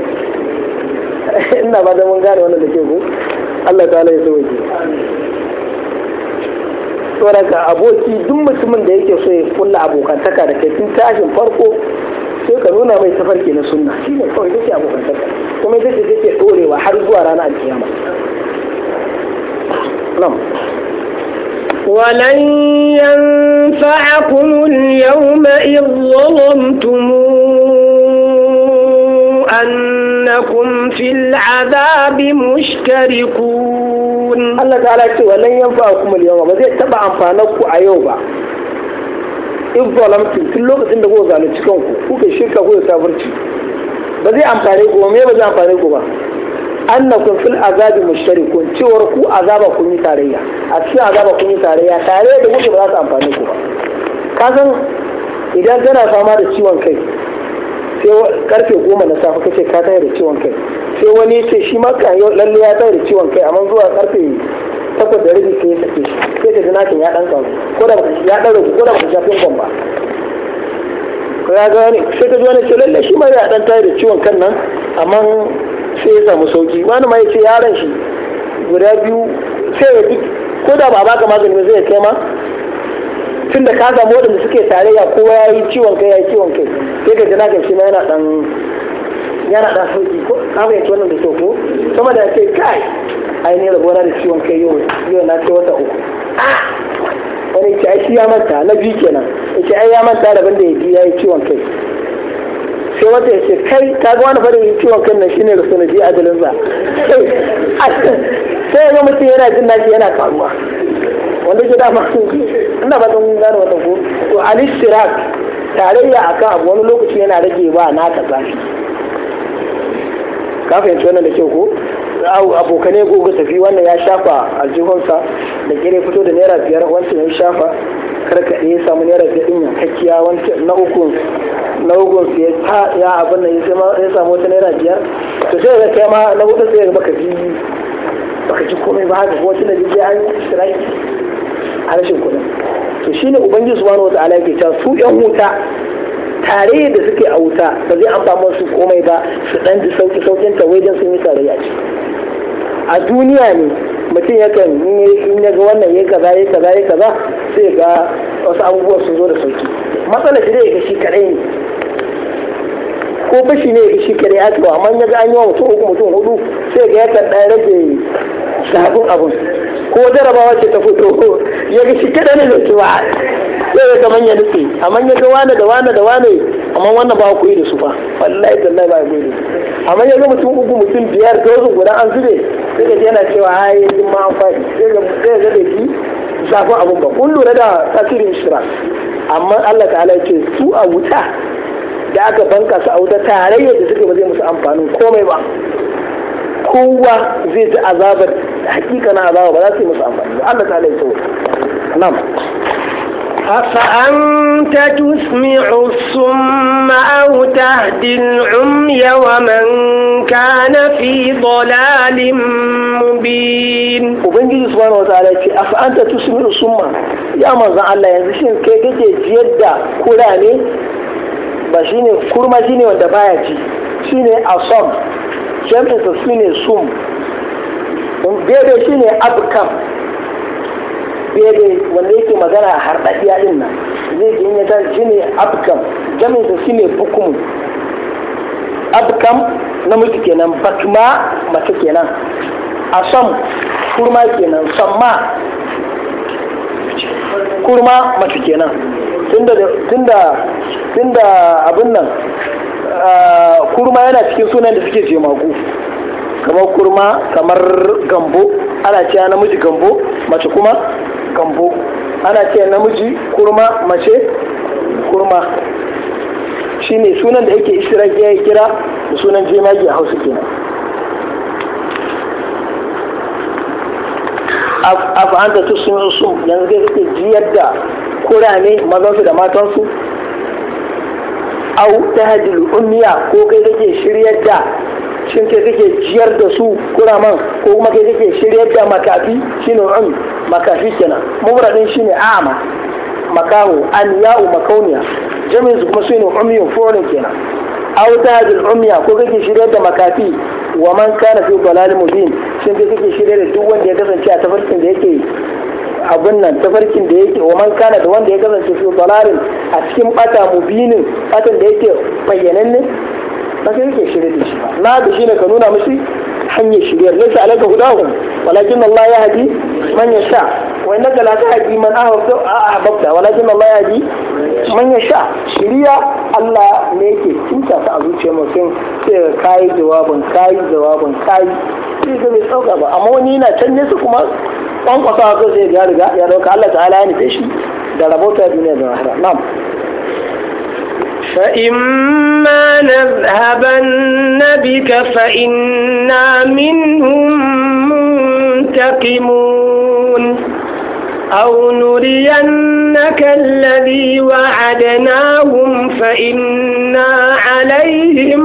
ina ba da mun gane wannan da ke ku Allah ta'ala ya sauke saboda aboki duk mutumin da yake so ya kulla abokantaka da kai tun tashin farko sai ka nuna mai tafarki na sunna shi ne kawai take sarka, kuma ita ce take dorewa har zuwa ranar alkiyama nam ولن ينفعكم اليوم إذ ظلمتم أنكم في العذاب مشتركون الله تعالى ولن ينفعكم اليوم ما زي تبع أنفانكم أيوبا in zalamtu tun lokacin da kuka zalunci kanku kuka shirka kuka kafirci ba zai amfane ku ba me ba zai amfane ku ba annakum fil azabi kun cewar ku azaba kun yi tarayya a cikin azaba kun yi tarayya tare da kuke ba za su amfane ku ba kasan idan kana fama da ciwon kai sai karfe goma na safe kace ka tayar da ciwon kai sai wani ya ce shi ma kan lalle ya tayar da ciwon kai amma zuwa karfe takwas da rabi sai ya sake shi sai ka ji nakin ya dan kan ko da ya dan rabu ko da ba shafin gon ba ko ya ga wani sai ka ji wani ce lalle shi ma ya dan tayar da ciwon kan nan amma sai ya samu sauki wani ma ya ce yaron shi guda biyu sai ya duk ko da ba baka magani ba zai kai ma tun da ka samu waɗanda suke tarayya kowa ya yi ciwon kai ya yi ciwon kai sai ka ji nakin shi ma yana dan yana da sauki ko na fahimci wannan da soko kuma da ce kai ai ne rabuwa da ciwon kai yau yau na ce wata uku a ah! wani ce ai ya manta na biyu kenan ya ce ai ya manta da banda ya biya ya ciwon kai sai wata ya ce kai ta ga wani farin ciwon kan nan shine rasu na biya adalin ba sai ya ga mutum yana jin nashi yana karuwa wanda ke dama ina ba don gane wata ko to alishirak tarayya akan abu wani lokaci yana rage ba na ka zafi ka fahimci wannan da kyau ko abokanai gogo tafi wannan ya shafa aljihunsa da kere fito da naira biyar wancan ya shafa karkaɗe ya samu naira biyar ɗin yankakkiya wancan na ukun na ya ya ta ya abin nan ya samu wata naira biyar to sai ga kai ma na hudu sai ga baka ji baka ji komai ba haka wata da jiya an shirai a rashin kuɗin to shine ubangiji subhanahu wataala yake cewa su yan wuta tare da suke a wuta ba zai amfa su komai ba su dan ji sauki saukin ta wajen sun yi tarayya ce a duniya ne mutum yakan in ya ga wannan ya kaza ya kaza ya kaza sai ga wasu abubuwa sun zo da sauki matsalar shi dai ga shi kadai ne ko fashi ne shi kare ya tuba amma ya ga an yi wa mutum uku mutum hudu sai ga yakan ɗan rage sabon abun ko jarabawa ce ta fito ya ga shi kaɗa ne da ba sai ya kaman ya nufi amma ya ga wane da wane da wane amma wannan ba ku yi da su ba wallahi da ba ku yi da su amma ya ga mutum uku mutum biyar wasu guda an zube sai ga yana cewa ai yi ma an faɗi sai ga da shi sabon abun ba kun lura da tasirin shira amma Allah ta ala ce su a wuta da aka banka su a tarayyar da suka ba zai musu amfanin komai ba kowa zai ji azabar hakika na azabar ba za su yi musu amfani ba Allah ta'ala ya ka na أفأنت تسمع الصم أو تهدي العمي ومن كان في ضلال مبين وبنجي سبحانه وتعالى أفأنت تسمع الصم يا من الله ينزل كي تجد كراني ba ne kurma ne wanda baya a shine asam shi ne sum bebe ne abkam bebe wanda yake magana har harɗaɗɗiya ɗin nan zai ji ya tashi ne abkam jam'insa ne bukum abkam namiji kenan bakma mace kenan asam kurma kenan samma kurma mace kenan tunda abin nan kurma yana cikin sunan da suke jemagu kamar kurma kamar gambo ana cewa namiji gambo mace kuma gambo ana cewa namiji kurma mace kurma ne sunan da yake istiraki ya kira da sunan jemagi a hausa kenan af'anta tusmi'u sun yanzu suke jiyar da kurame mazansu da matansu au ta hajji ummiya ko kai kake shiryar da shin kai kake jiyar da su kuraman ko kuma kai kake shiryar da makafi shine um makafi kenan mubradin shine ama makahu an ya'u makauniya jami'in su kuma shine umiyun foreign kenan au ta hajji ummiya ko kake shiryar da makafi wa man kana fi dalalin mubin shin kai kake shiryar da duk wanda ya kasance a tafarkin da yake abin nan farkin da yake wa man kana da wanda ya kasance su dalalin a cikin bata mubinin batan da yake bayyananne ba sai yake shirye da shi ba na da shi ne ka nuna mishi hanyar shiryar laysa alaka hudahum walakin Allah ya hadi man yasha Wai na وإنك لا تهدي من أحببت ولكن الله يهدي man ya sha shirya Allah ne yake cinta ta a zuciyar mutum sai ga kayi jawabin kayi jawabin kayi sai ga bai tsauka ba amma wani yana can su kuma kwankwasa haka sai ya riga ya dauka Allah ta'ala ya nufe shi da rabota duniya da wahara na'am فإما نذهبن بك فإنا منهم منتقمون أو نرينك الذي وعدناهم فإنا عليهم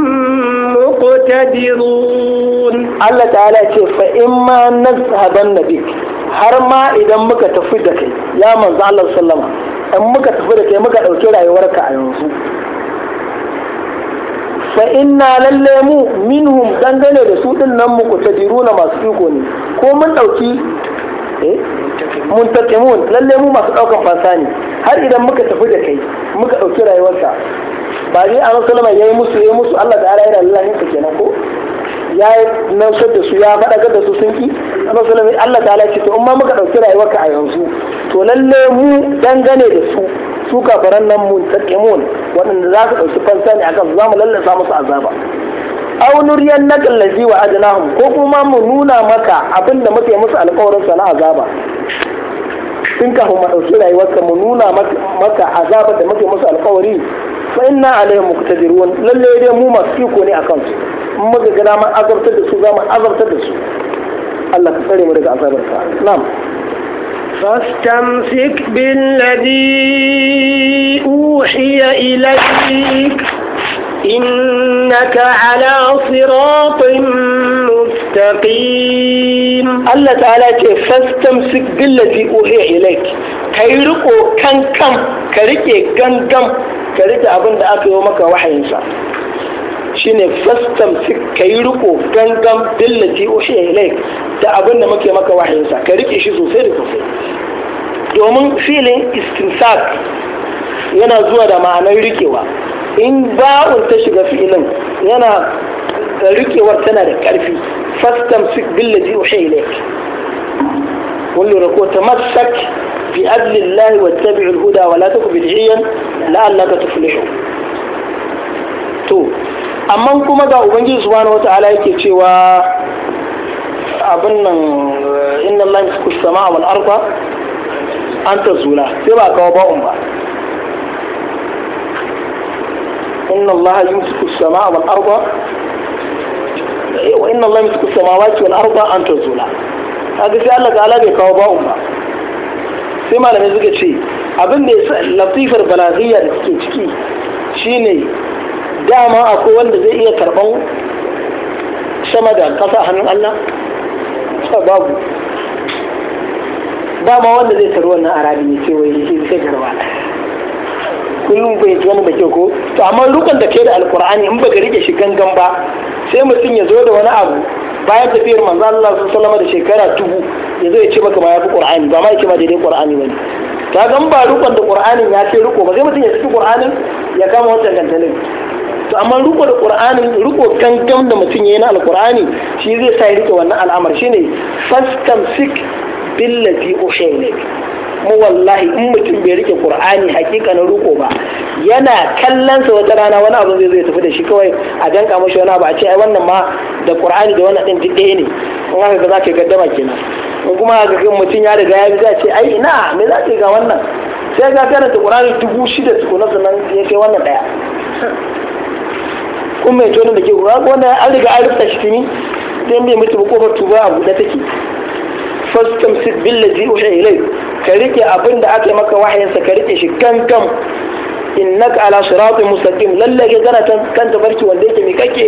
مقتدرون الله تعالى يقول فإما نذهبن النبي har ma idan muka tafi da kai ya manzo Allah sallama in muka tafi da kai muka ɗauki rayuwarka a yanzu fa inna lalle mu minhum dangane da su din nan muku tadiruna masu iko ne ko mun ɗauki Eh? muntakimun lalle mu masu daukan fansa ne har idan muka tafi da kai muka dauki rayuwarka ba dai annabi sallama yayi musu yayi musu Allah da Allah yana ta kenan ko ya nausar da su ya faɗakar da su sun ki annabi sallama Allah ta ce to in muka dauki rayuwarka a yanzu to lalle mu dangane da su su kafaran nan muntakimun waɗanda za su dauki fansa ne akan su za mu sa musu azaba aw nuriyan nakal ladhi wa adnahum ko kuma mu nuna maka abinda muke musu alƙawarin sa na azaba tun kafin mu dauki rayuwarka mu nuna maka azaba da muke musu alƙawari fa inna alaihim muqtadirun lalle dai mu masu iko ne akan su mun muka ga dama azabtar da su zamu azabtar da su Allah ka tsare mu daga azabar azabarka na'am فاستمسك بالذي أوحي إليك إنك على صراط مستقيم الله تعالى فاستمسك بالذي أوحي إليك كيرقو كان كم كريكي كان كم كريكي أبند أبن ومكا وحي وحينسا shine fastam sik kai riko gangan dillati ushe ilaik da abin da muke maka wahayinsa ka rike shi sosai da sosai domin filin istinsak yana zuwa da ma'anar rikewa in ba'un ta shiga fi'ilin yana rikewar tana da ƙarfi billa ji ushe ilayk wani rako ta bi fi adlin lahi wa la taku bid'iyan la'allaka tuflihu to amma kuma ga ubangiji subhanahu ala yake cewa abin nan inna allaha yasku samaa wal arda an zula sai ba kawo ba'un ba inna Allah yumsiku as-samaa wal arda wa inna Allah yumsiku as-samawati wal arda sai Allah ta'ala bai kawo ba'un ba sai malamai suka ce abin da ya latifar balaghiya da suke ciki shine dama akwai wanda zai iya karban sama da kasa hannun Allah ta babu ba ma wanda zai tarwa na arabi ne sai wai sai karba bai fahimci wani da ke ko to amma rukan da ke da alkur'ani in baka rike shi gangan ba sai mutum ya zo da wani abu bayan tafiyar manzo Allah sun salama da shekara dubu ya zo ya ce maka ma ya fi qur'ani ba ma ya ce ma daidai qur'ani bane ta ga ba rukan da qur'anin ya ce ruko ba sai mutum ya ci qur'anin ya kama wancan gantalin to amma ruko da qur'anin ruko gangan da mutum yayi na alkur'ani shi zai sa ya rike wannan al'amar shine sik billati ushaylik kuma wallahi in mutum bai rike qur'ani na ruko ba yana kallon sa wata rana wani abu zai zai tafi da shi kawai a danka mashi wani abu a ce ai wannan ma da qur'ani da wannan din duk ne in haka ga zaka gaddama kenan in kuma ga mutum ya riga ya bi za ce ai ina me za ce ga wannan sai ga karanta qur'ani dubu shida tukuna sannan ya kai wannan daya kun mai tonin da ke kuma wanda an riga an rufe shi tuni sai bai mutu ba kofar tuba a buɗe take fastamsik billazi uhiya ilayk ka rike abin da aka maka wahayinsa ka rike shi kankan innaka ala siratin mustaqim lallage ke kana kan tabarki wanda yake mikake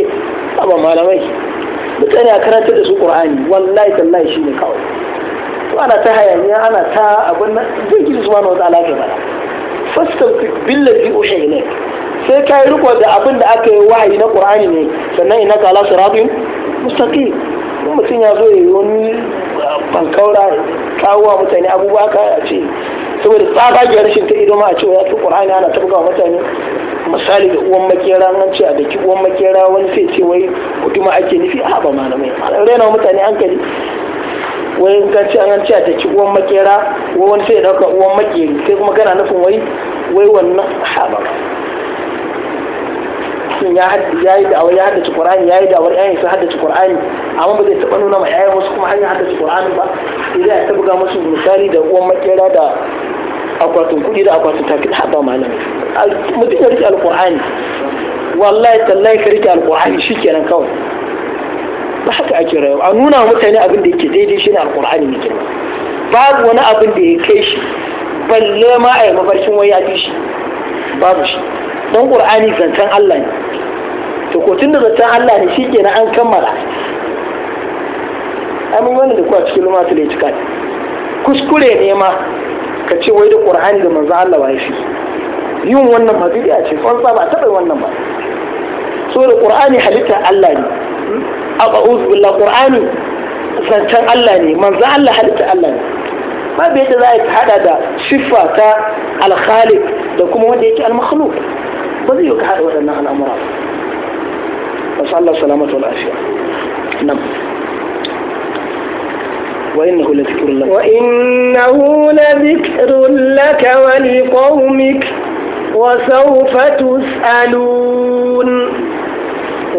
aba malamai mutane a karanta da su qur'ani wallahi tallahi shine kawai to ana ta hayaniya ana ta abin nan zai ji subhanahu wataala ke bana fastamsik billazi uhiya ilayk sai kai riko da abin da aka yi wahayi na qur'ani ne sannan innaka ala siratin mustaqim mutum ya zo ya yi wani bankaura kawowa mutane abubuwa kaya a ce saboda tsabagiyar rashin ta ido ma a cewa ya fi ƙur'ani ana tabbawa mutane misali da uwan makera an ce a daki uwan makera wani sai ce wai huduma ake nufi a ba malamai rena mutane hankali wai in ce an ce a daki uwan makera wani sai ya dauka uwan makeri sai kuma kana nufin wai wai wannan haɓa mutum ya yi da'awar ya haddace qur'ani ya yi da'awar yayin sun haddace qur'ani amma ba zai taɓa nuna ma ƴaƴan wasu kuma hanyar haddace qur'ani ba idan ya buga musu misali da uwan makera da akwatin kuɗi da akwatin tafi haɓa malam mutum ya rike alƙur'ani wallahi tallahi ka rike alƙur'ani shi kenan kawai ba haka ake rayuwa a nuna mutane abin da yake daidai shi ne alƙur'ani ne kenan babu wani abin da ya kai shi balle ma a yi mafarkin wani ya fi shi babu shi don ƙur'ani zancen Allah ne to ko tun da zancen Allah ne shi kenan an kammala amin wani da kuwa cikin lumatu da ya kuskure ne ma ka ce wai da ƙur'ani da manzo Allah wa shi yin wannan ba bid'a ce tsantsa ba taɓa wannan ba so da ƙur'ani halitta Allah ne a ba'uz billah ƙur'ani zancen Allah ne manzo Allah halitta Allah ne babu da za a hada da siffa ta alkhalik da kuma wanda yake al-makhluq ba zai yi ka أمراض بس الله سلامة والعافية نعم وإنه لذكر لك وإنه لذكر لك ولقومك وسوف تسألون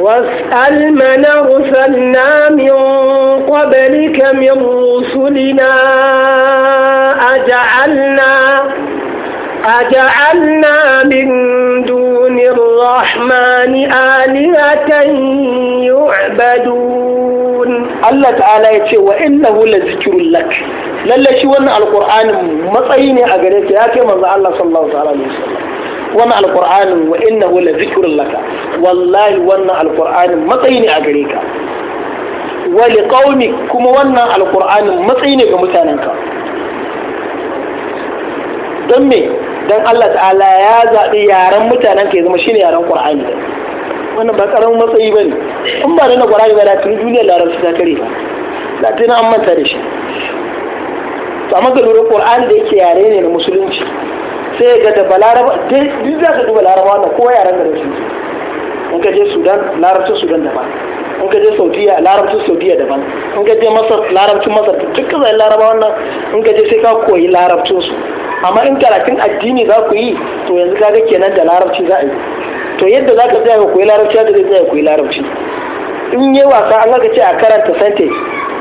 واسأل من أرسلنا من قبلك من رسلنا أجعلنا أجعلنا من دون الرحمن آلهة يعبدون الله تعالى يقول وإنه لذكر لك lalle shi wannan alqur'anin matsayi ne a gare ka ya kai manzo Allah sallallahu alaihi wasallam wannan alqur'anin wa innahu la zikrun laka wallahi wannan alqur'anin matsayi ne a gare ka kuma wannan alqur'anin matsayi ne ga mutanenka don me don Allah ta'ala ya zaɓi yaren mutanen ka ya zama shine yaren Qur'ani wannan ba karamin matsayi bane in ba na Qur'ani ba da tun duniyar larabci ta kare da tun an manta da shi to amma ga lura Qur'ani da yake yare ne na musulunci sai ga da balaraba duk za ka duba laraba wannan ko yaren da su in ka je Sudan larabcin Sudan daban in ka je Saudiya larabcin Saudiya daban in ka je Masar larabcin Masar duk kasashen laraba wannan in ka je sai ka koyi larabcin su amma in karatun addini za ku yi to yanzu kaga kenan da larabci za a yi to yadda za ka tsaya koyi larabci yadda zai tsaya koyi larabci in yi wasa an ga ce a karanta sentence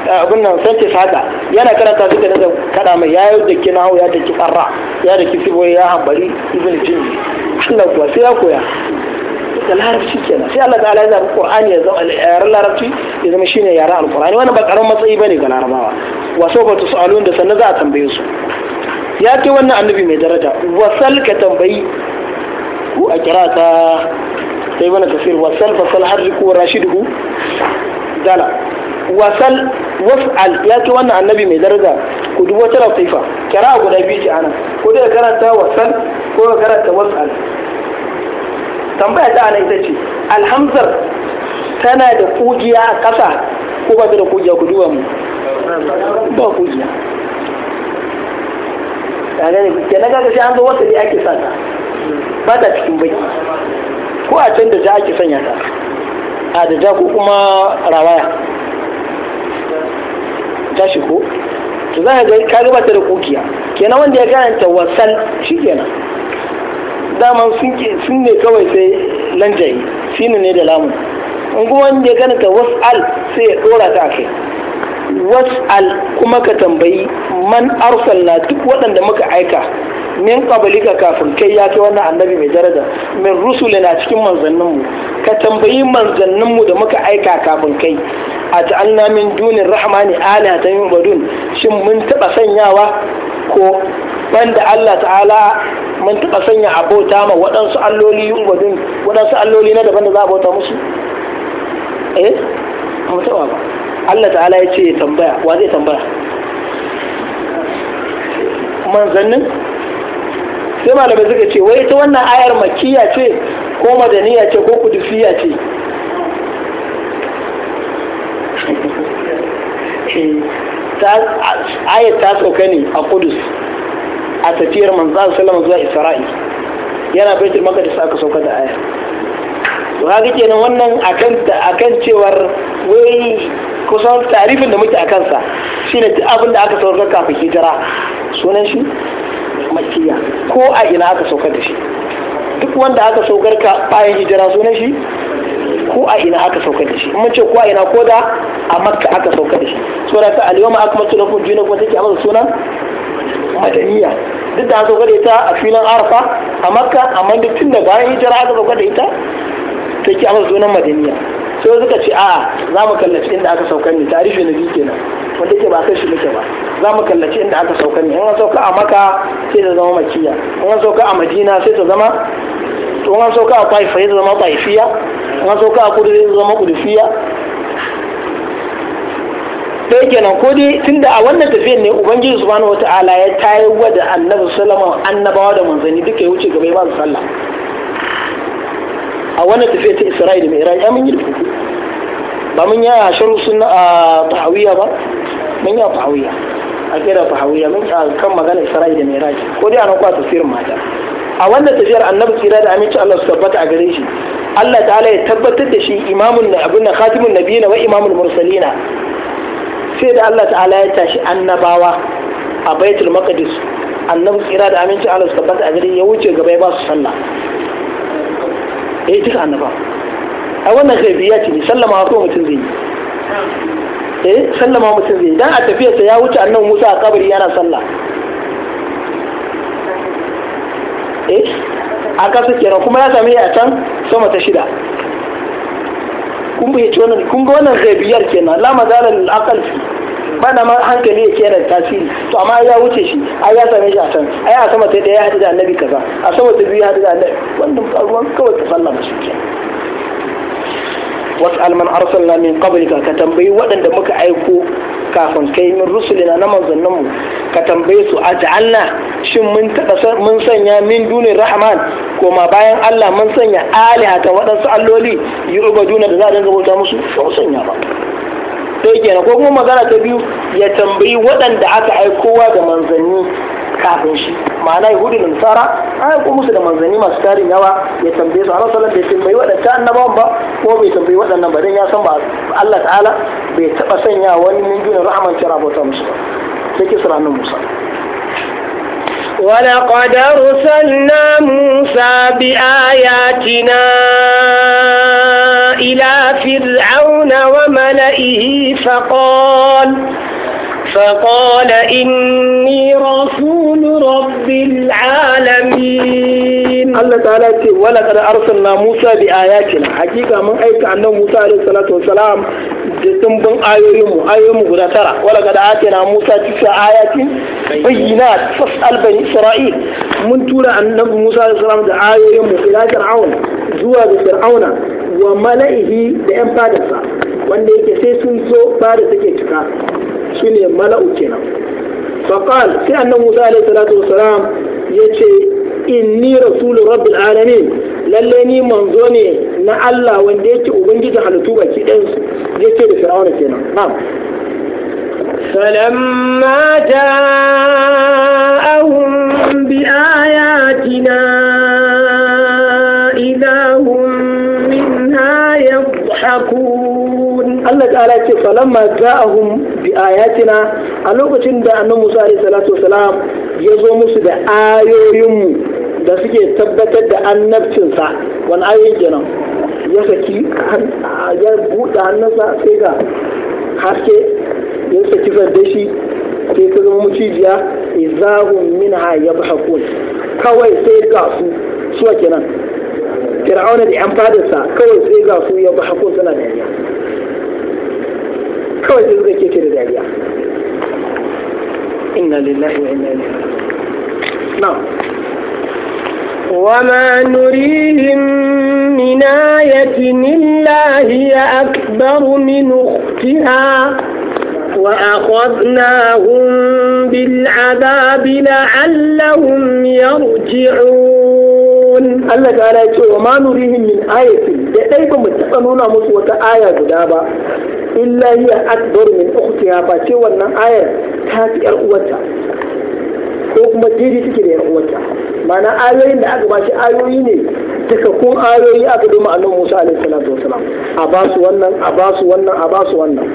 abin nan sentence haka yana karanta su da nazar kada mai ya yi dake na ya dake tsarra ya dake sibo ya hambari ibn jin Allah kuwa sai ya koya da larabci kenan sai Allah ta'ala ya zaɓi Qur'ani ya zama yaran larabci ya zama shine yaran Qur'ani wannan ba karamin matsayi bane ga larabawa wa sau ba tusalun da sannan za a tambaye su ya ke wannan annabi mai daraja wasal ka tambayi ku a kira ta sai mana tafsir wasal fasal harriku rashidu dala wasal was'al ya ke wannan annabi mai daraja ku dubo tara sifa kira a guda biyu ce ana ko da karanta wasal ko da karanta was'al tambaya ta ana ita ce alhamzar tana da kugiya a ƙasa ko ba ta da kugiya ku duba mu ba kugiya ka gane ke na gaga sai an zo wata ne ake sa ta ba ta cikin baki ko a can da ja ake sanya ta a da ja ko kuma rawaya ta shi ko to za ka ga ka ga ta da kokiya kenan wanda ya ta wasan shi kenan dama sun ne kawai sai lanjayi sinu ne da lamun in kuma wanda ya karanta wasal sai ya dora ta a kai was'al kuma ka tambayi man arsalna duk waɗanda muka aika min qablika kafin kai ya kai wannan annabi mai daraja min rusulina cikin manzanninmu ka tambayi manzanninmu da muka aika kafin kai a ta'alna min dunin rahmani yi yubadun shin mun taɓa sanyawa ko banda Allah ta'ala mun taɓa sanya abota ma waɗansu alloli yubadun waɗansu alloli na daban da za a bauta musu eh mu taɓa ba Allah ta'ala ya ce ya tambaya wa zai tambaya manzannin sai malamai suka ce wai ta wannan ayar makiya ce ko madaniya ce ko kudufiya ce ayar ta sauka ne a kudus a tafiyar manzan salama zuwa isra'i yana baitul maqdis aka sauka da ayar to haka kenan wannan akan cewar wai kusan tarifin da muke a kansa shi ne abin da aka sauka kafin hijira sunan shi makiya ko a ina aka saukar da shi duk wanda aka saukar ka bayan hijira sunan shi ko a ina aka saukar da shi mun ce ko a ina ko da a makka aka saukar da shi saboda ta alyawma akmaltu lakum dinakum take a masa sunan madaniya duk da an saukar da ita a filin arfa a makka amma duk tun da bayan hijira aka saukar da ita take a masa sunan madaniya sai suka ce a za mu kallaci inda aka saukar ne tarihi na biyu kenan wanda ke ba kai shi nake ba za mu kallaci inda aka saukar ne in an sauka a maka sai ta zama makiya in an sauka a madina sai ta zama to in an sauka a taifa sai ta zama taifiya in an sauka a kudu sai ta zama kudufiya sai kenan ko dai tunda a wannan tafiyar ne ubangiji subhanahu wata'ala ya tayar wa da annabi sallama annabawa da manzanni duka ya wuce gaba ya ba su sallah a wannan tafiyar ta isra'ila mai iraki amin yi da ba mun yi a shirin suna a tahawiyya ba mun yi a tahawiyya a kira tahawiyya mun a kan magana isra'i da mai ko dai a nan kwa tafsirin mata a wannan tafiyar annabi tsira da aminci Allah su tabbata a gare shi Allah ta'ala ya tabbatar da shi imamun na abin na khatimun nabiyina wa imamul mursalina sai da Allah ta'ala ya tashi annabawa a baitul maqdis annabi tsira da aminci Allah su tabbata a gare ya wuce gaba ya ba su sallah yi eh, duka annabawa a wannan gaibiya ce sallama ko mutum zai yi eh sallama mutum zai yi dan a tafiyarsa ya wuce annabi Musa a kabari yana sallah eh a su kenan kuma ya sami a can sama ta shida kun ce wannan kun ga wannan gaibiyar kenan la al aqal ba da hankali ya kenan tasiri to amma ya wuce shi ai ya same shi a can ai a sama ta ya hadda da annabi kaza a sama ta biyu ya da annabi wannan ruwan kawai ta sallama shi kenan wasu man arsalna min qablika ka tambayi waɗanda muka aiko kafin kai min rusulina na manzanninmu mu ka tambaye su aj'alna shin mun taɓa mun sanya min dunin rahman koma bayan Allah mun sanya ta waɗansu alloli yu'baduna da za a dinga bauta musu ba mu sanya ba sai kenan ko kuma magana ta biyu ya tambayi waɗanda aka aikowa da manzanni kafin shi ma'ana yahudi da nasara an aiko musu da manzanni masu tarin yawa ya tambaye su annabi sallallahu bai tambayi waɗancan annabawan ba ko bai tambayi waɗannan ba don ya san ba Allah ta'ala bai taɓa sanya wani min duna rahman ta rabota musu ba sai kisra nan musa ولقد أرسلنا موسى بآياتنا إلى فرعون وملئه فقال فقال إني رسول رب العالمين الله تعالى ولقد أرسلنا موسى بآياتنا حقيقة من أيك أن موسى عليه الصلاة والسلام jisun bin ayoyin mu ayoyin mu guda tara wala kada ake na musa cikin ayatin bayyana fas albani isra'il mun tura annabi musa da salam da ayoyin mu ila fir'auna zuwa ga fir'auna wa mala'ihi da yan fadarsa wanda yake sai sun zo ba da suke cika ne mala'u kenan faqal sai annabi Musa alaihi salatu wassalam yace inni rasulur rabbil alamin lalle ni manzo ne na Allah wanda yake ubangiji halittu baki ɗayan su yake da fir'auna kenan na'am فلما جاءهم بآياتنا إذا هم منها يضحكون Allah ta'ala ce falamma ja'ahum bi ayatina a lokacin da annabi Musa alaihi salatu wasalam ya zo musu da ayoyinmu da suke tabbatar da annabcinsa wani ayoyin kenan ya saki ya buɗe hannunsa sai ga haske ya saki zaddashi sai ka zama mucijiya izahum minha yabhaqun kawai sai ga su suwa kenan fir'auna da yan fadarsa kawai sai ga su ya ba suna da kawai sai suka kece da dariya inna lillahi wa inna ilaihi na'am وما نريهم من آية إلا هي أكبر من أختها وأخذناهم بالعذاب لعلهم يرجعون الله تعالى يقول وما نريهم من آية لأيكم تقنون مسوة آية قدابة illa hiya akbar min ukhtiya ba ce wannan ayar ta fi yar uwarta ko kuma daidai take da yar uwarta ma'ana ayoyin da aka bashi ayoyi ne kun ayoyi aka duma annabi Musa alaihi salatu wasalam a basu wannan a basu wannan a basu wannan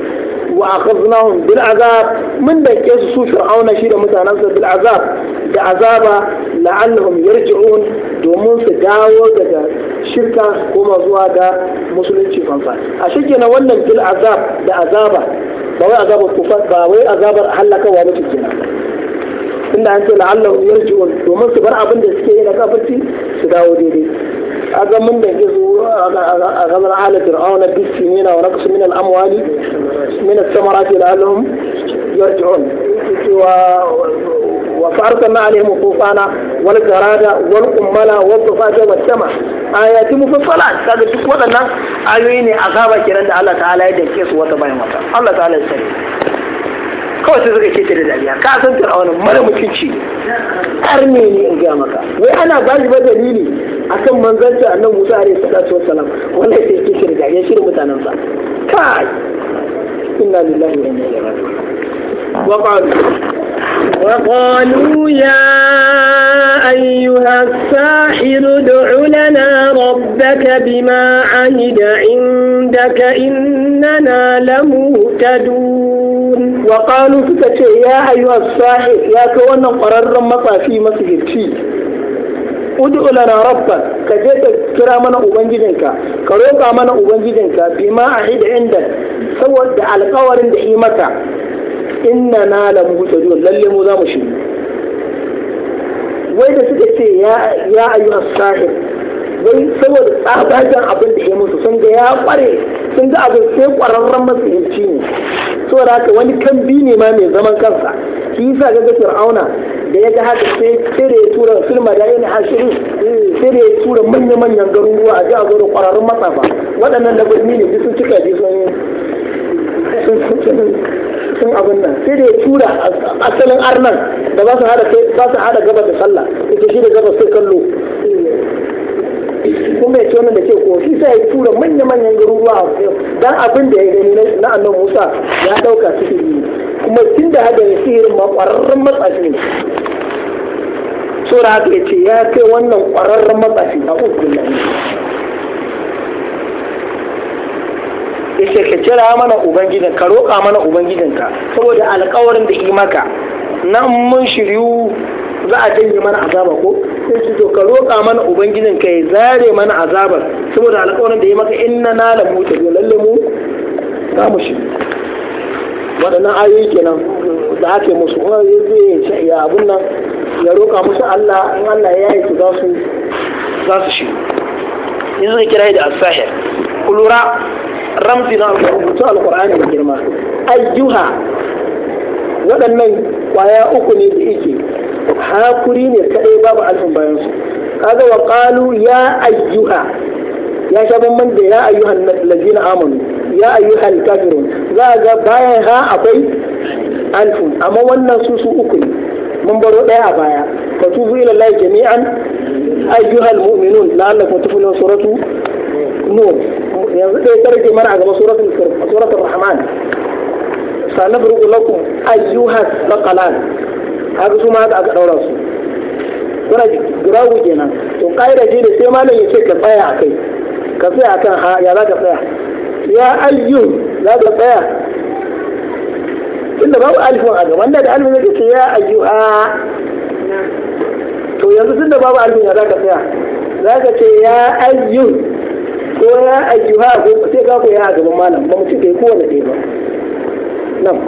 wa akhadnahum bil azab mun dake su su fir'auna shi da mutanen sa bil azab da azaba la'allahum yarji'un domin su dawo daga shirka kuma zuwa ga musulunci fanfa a na wannan bil azab da azaba ba wai azabar kufa ba wai azabar halakawa ba ce kenan inda an ce la'allahum yarji'un domin su bar abin da suke yi na kafirci su dawo daidai أقام من بهجزه أقام على فرعون بالسنين ونقص من الأموال من الثمرات لعلهم يرجعون و... وفأرسلنا عليهم الطوفان والجراد والقمل والضفادع والسمع آيات مفصلة هذا duk waɗannan ayoyi ne azaba الله تعالى Allah ta'ala ya dake su wata kawai sai suka ce ta da dariya ka san wani mara mutunci har ne ne in gaya maka wai ana ba shi ba dalili akan manzanta annabi Musa alaihi salatu wassalam wannan sai ke shi da ya shirin mutanen sa kai inna lillahi wa inna ilaihi raji'un wa qalu وقالوا يا أيها الساحر ادع لنا ربك بما عهد عندك إننا لمهتدون وقالوا سكتي يا أيها الساحر يا كوانا قرر مصافي مسجدتي ud'u lana rabbak ka je ka kira mana ubangijinka ka roƙa mana ubangijinka bima ahid inda saboda da yi maka inna na la muhtadun lalle mu za mu shi wai da suka ce ya ya a sahib wai saboda tsabagen abin da ya musu sun ga ya kware sun ga abin sai kwararren matsayinci ne saboda haka wani kambi ne ma mai zaman kansa shi yasa ga ga fir'auna da ya ga haka sai sai ya tura sulma da yana hashiru sai ya tura manya-manyan garuruwa a ji a zo da kwararrun matsafa waɗannan da birni ne sun cika ji sun sun abin nan sai da ya tura asalin arnan da ba su hada kai za su hada gaba da sallah ita shi da gaba sai kallo kuma ya ce wannan da ke ko shi sai ya tura manya manyan garuruwa a dan abin da ya gani na annabi Musa ya dauka sihiri kuma tun da haka ya sihirin ma kwararren matsashi ne sura haka ya ce ya kai wannan kwararren matsashi a ukullan ya ce ka kira mana ubangijin ka roƙa mana ka saboda alƙawarin da yi maka nan mun shiryu za a janye mana azaba ko sai su to ka roƙa mana ubangijin ka ya zare mana azaba saboda alƙawarin da yi maka inna na la mutu to lalle mu za mu shi waɗannan ayoyi kenan da ake musu kuma zai ya abun nan ya roƙa musu Allah in Allah ya yi su za su za su shi yanzu kira da asahir kulura ramzi na rubutu alkur'ani da girma ayyuha waɗannan kwaya uku ne da yake hakuri ne kaɗai babu alfin bayan su kaga wa qalu ya ayyuha ya sha bamban da ya ayyuhan lazina amanu ya ayyuhal kafirun za ga bayan ha akwai alfin amma wannan su su uku ne mun baro ɗaya a baya ka tubu ila Allah jami'an ayyuhal mu'minun la'allakum tuflihun suratu nur yanzu ɗaya targe mara a gaba suratun suratul rahman sanabru lakum ayyuhas laqalan haka su ma haka aka ɗaura su kuna guragu kenan to ƙa'ida ce da sai malam ya ce ka tsaya a kai ka tsaya a kan ha ya za ka tsaya ya ayyun za ka tsaya inda babu alifin a gaban da da alifin ya ce ya a to yanzu tun da babu alifin ya za ka tsaya za ka ce ya ayyun ko ya aiki ha ko sai a gaban malam ba mu ce kai kowane ɗaya ba nan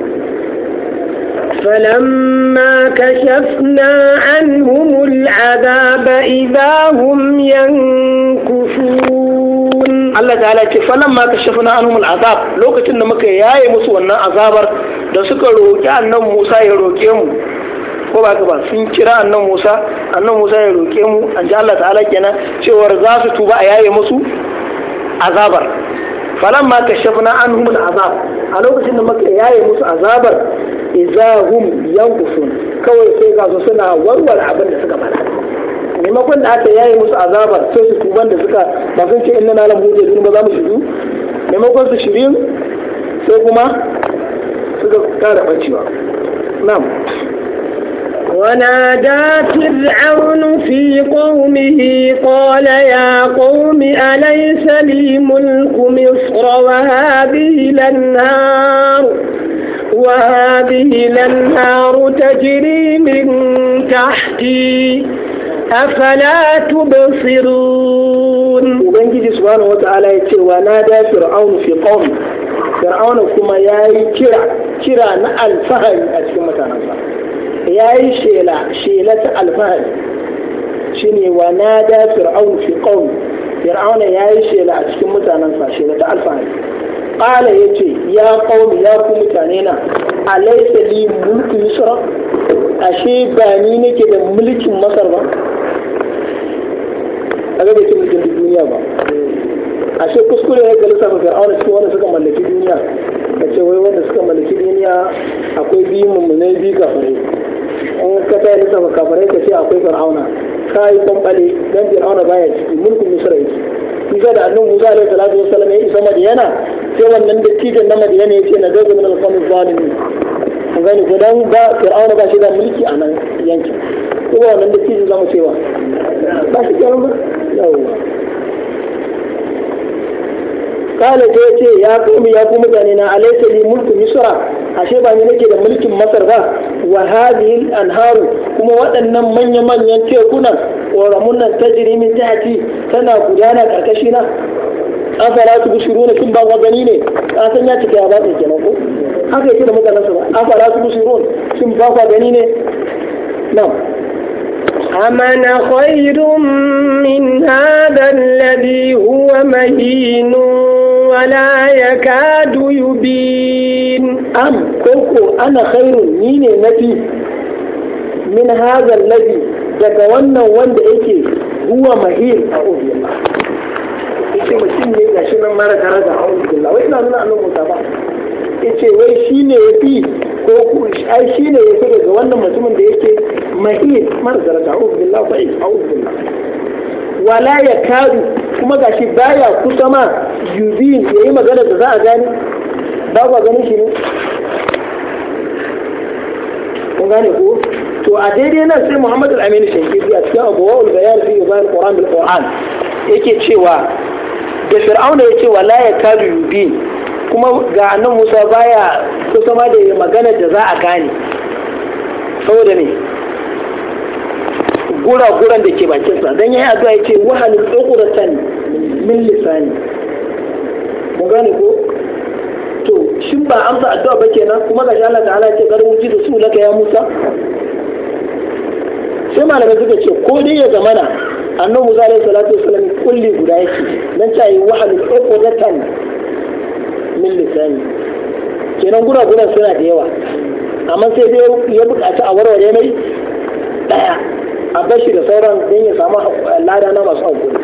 فلما كشفنا عنهم العذاب إذا هم ينكثون الله تعالى فلما كشفنا عنهم العذاب لو كتن مكة يا يمسو da suka roƙi annan Musa ya roƙe mu ba ka ba sun kira annan Musa annan Musa ya roƙe mu an ji Allah ta'ala kenan cewar za su tuba a yaye musu azabar falan ma an anhum azab a lokacin da muka yaye musu azabar izahum yanqusun kawai sai ga su suna warware abin da suka fara maimakon da aka yaye musu azabar sai su tuban da suka ba sun ce inna na lahu da ba za mu shiru maimakon su shirin sai kuma suka kara bacewa na'am ونادى فرعون في قومه قال يا قوم أليس لي ملك مصر وهذه الأنهار وهذه الأنهار تجري من تحتي أفلا تبصرون ونجد سبحانه وتعالى يتي ونادى فرعون في قومه فرعون كما يا كرا كرا نأل فهي أتكلم ya yi shela shela ta alfahari shi ne wa na da fir'aun fi ƙaun fir'aun ya yi shela a cikin mutanen sa shela ta alfahari ƙala ya ce ya ƙaun ya ku mutane na alaisa li mulku yusra shi ba ni nake da mulkin masar ba a ga bai ce mulkin duniya ba a shi kuskure ya ga lissafa fir'aun cikin wanda suka mallaki duniya ka ce wai wanda suka mallaki duniya akwai biyu mummunai biyu kafirai in ka ta lissa makafarai ka ce akwai fir'auna ka yi kwamfale don fir'auna baya ciki mulkin misra yake isa da annabi musa alaihi salatu ya isa madiyana sai wannan dattijan na madiyana ya ce na zai min alqawmi zalimin kun gani ko dan ba fir'auna ba shi da mulki a nan yankin wannan zamu cewa ba shi ba kala ta ce ya kuma ya kuma gane na alaysa li mulku misra ashe ba ni nake da mulkin masar ba wa hadhihi anharu kuma waɗannan manya manyan tekunan ƙoramun nan ta jiri min tahti tana gudana karkashi na afala su bishiru na kin ba gani ne an san ya cika ya ba ta kenan ko haka yake da mutanen sa ba afala su bishiru kin ba gani ne na'am أمن خير من هذا الذي هو مهين wala ya kadu yubin am koko ana khairun ni ne nafi min hazan nabi daga wannan wanda yake mutum ne ga shi nan mara yafi ko da yake wala ya kadu kuma gashi baya kusa ma yubin ya yi magana da za a gani ba ba ganin shi ne kun gane ko to a daidai nan sai muhammad al-amin shankiri a cikin abuwa ulbayar fi yubayin ƙoran bil ƙoran yake cewa da fir'auna ya ce wa la ya yubin kuma ga annan musa baya kusa ma da magana da za a gane saboda ne gura-guran da ke bakinsa don ya yi addu'a ya ce wahalin tsokuratan min lisani gane ko to shin ba amsa addu'a ba kenan kuma ga Allah ta'ala ya ce garin wuji da su laka ya Musa sai malamai suka ce ko dai ya zamana annabi Musa alaihi salatu wasallam kulli guda yake dan ta yi wahalul uqdatan min lisani kenan gura guran suna da yawa amma sai dai ya buƙaci a warware mai daya a bashi da sauran dan ya samu lada na masu hankali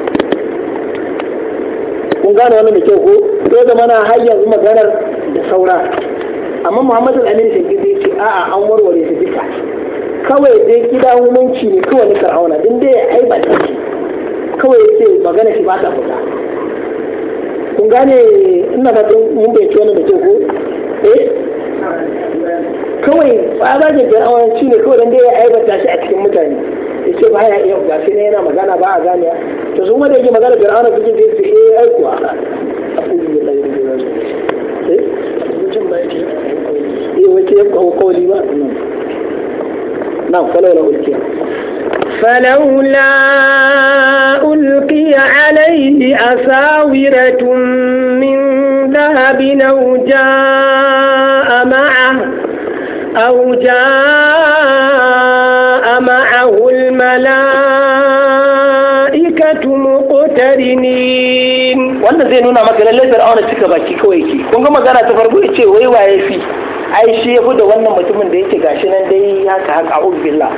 kun gane wannan da kyau ko sai da mana har yanzu maganar da saura amma muhammad al-amin shafi zai ce a'a an warware su duka kawai dai gida hukunci ne kawai na fir'auna din dai ya da shi kawai ce magana shi ba ta fita kun gane ina fatan mun bai wannan da kyau ko eh kawai ba za da fir'auna shi ne kawai dan dai ya aibata shi a cikin mutane ya ce ba ya iya ga shi ne yana magana ba a gane to sun wanda yake magana fir'auna cikin da yake eh ai kuwa eh wace ya kawo kawali ba na falaula ulkiya فلولا ألقي عليه أساورة من ذهب أو جاء معه أو جاء wannan zai nuna maka lallai fir'auna cika baki kawai ke kun ga magana ta farko ce wai waye fi ai shi yafi da wannan mutumin da yake gashi nan dai haka haka a billah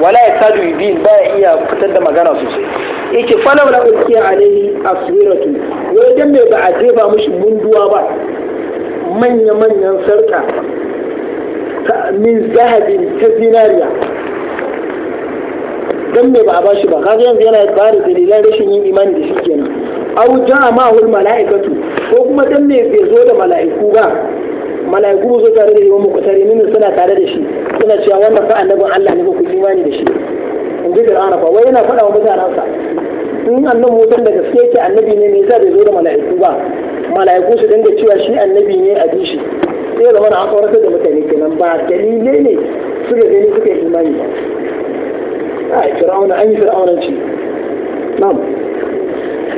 wala ya sadu bi ba ya iya fitar da magana sosai yake falau la ukiya alaihi aswiratu wai dan me ba a jefa mishi munduwa ba manya manyan sarka min zahabin ta zinariya dan me ba a bashi ba kaga yanzu yana ba da dalilan rashin yin imani da shi kenan au ja'a ma'ul mala'ikatu ko kuma dan ne bai zo da mala'iku ba mala'iku zo tare da imam muqtari min suna tare da shi suna cewa wannan fa annabin Allah ne ba ku imani da shi in ji Fir'auna fa wai yana faɗa wa mutanensa in annabi mutan da gaske yake annabi ne me yasa bai zo da mala'iku ba mala'iku su dinga cewa shi annabi ne a bishi sai zama na tsoratar da mutane kenan ba dalilai ne suka gani suka yi imani ba a kira wani an yi fir'aunanci na'am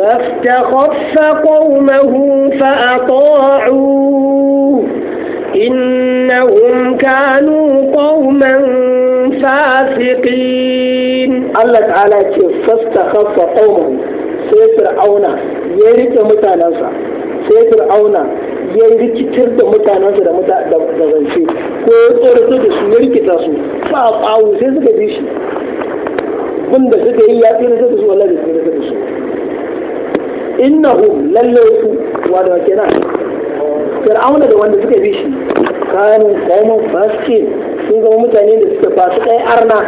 فاستخف قومه فأطاعوا إنهم كانوا قوما فاسقين الله تعالى فاستخف قومه سيفر أونا يريد متانسا سيفر أونا ya rikitar da mutanensa da zance ko ya tsoratar da su ya rikita su ba a sai suka bi shi bin da suka yi ya tsira da su wallahi da tsira da su innahu lalle su wada nan fir'auna da wanda suka bi shi kan kuma fasikin sun zama mutane da suka fasu kai arna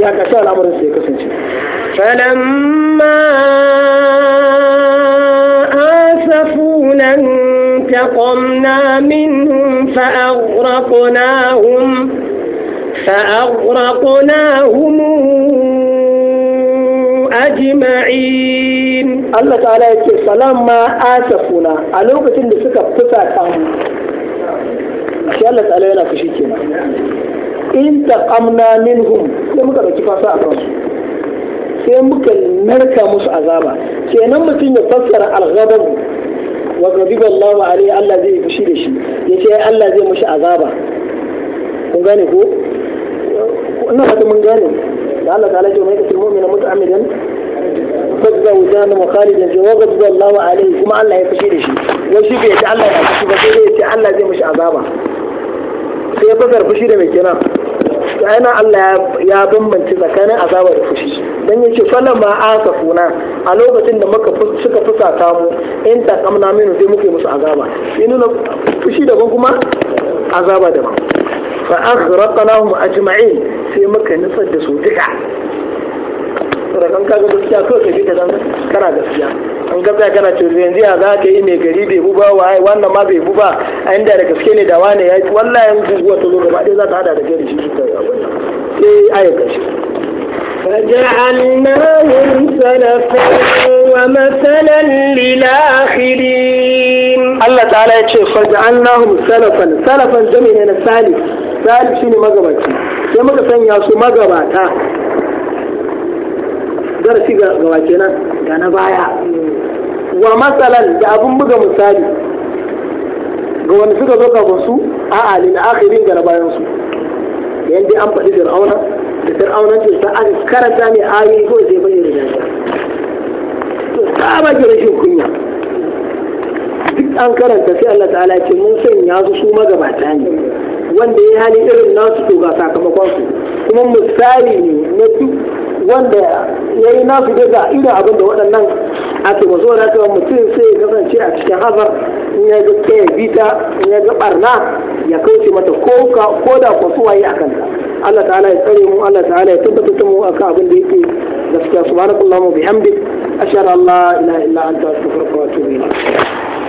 ya kashe al'amarin su ya kasance فلما آسفونا انتقمنا منهم فأغرقناهم فأغرقناهم ajma'in Allah ta'ala ce salam ma asafuna a lokacin da suka fusata mu shi Allah ta'ala yana fushi kenan in taqamna minhum sai muka dauki fasa a kansu sai muka narka musu azaba kenan mutum ya fassara al-ghadab wa ghadiba Allah alayhi Allah zai fushi da shi yace Allah zai mushi azaba kun gane ko ina fata mun gane da Allah ta'ala ya ce mai kasir mu'mina muta'ammidan fazza wuta na جواب da jawabu da Allah alaihi kuma Allah ya fushi da shi wai shi bai ta Allah ya fushi ba sai ya ce Allah zai mishi azaba sai ya fasar fushi da mai dan Allah ya bambanci tsakanin azaba da yace falan ma asafuna a lokacin da muka suka ta mu in ta kamna minu sai muke musu azaba sai nuna fushi daban kuma azaba daban fa aghraqnahum ajma'in sai muka nutsar da su duka tsoron kaga gaskiya ko ka bi ta zan kana gaskiya an gaba kana to yanzu ya za ka yi mai gari bai buba wa wannan ma bai buba a inda da gaske ne da wane ya yi wallahi yanzu zuwa ta zo gaba ɗaya za ta hada da gari shi ta yi eh, abin sai ayar ƙarshe فجعلناهم سلفا ومثلا للآخرين الله تعالى يقول فجعلناهم سلفا سلفا جميعنا سالف سالف شنو مغبتي sai muka sanya su magabata darasi ga wace nan ga na baya wa matsalan da abin buga misali ga wani suka zo kafin su a alin akhirin ga na bayan su da yadda an faɗi fir'auna da fir'aunan ce ta an karanta ne ayi ko sai bayyana da ta ba ki rashin kunya duk an karanta sai Allah ta'ala ce mun sanya su su magabata ne wanda ya hali irin nasu to ga sakamakon su kuma misali ne na duk wanda ya yi nasu daga irin abin da waɗannan ake mazo na cewa mutum sai ya kasance a cikin hazar in ya ga ya bita in ya ga barna ya kauce mata ko da kwasuwa yi a kanta Allah ta'ala ya tsare mu Allah ta'ala ya tabbatar mu akan abin da yake gaskiya subhanakallahumma bihamdik ashhadu an la ilaha illa anta astaghfiruka wa atubu ilayk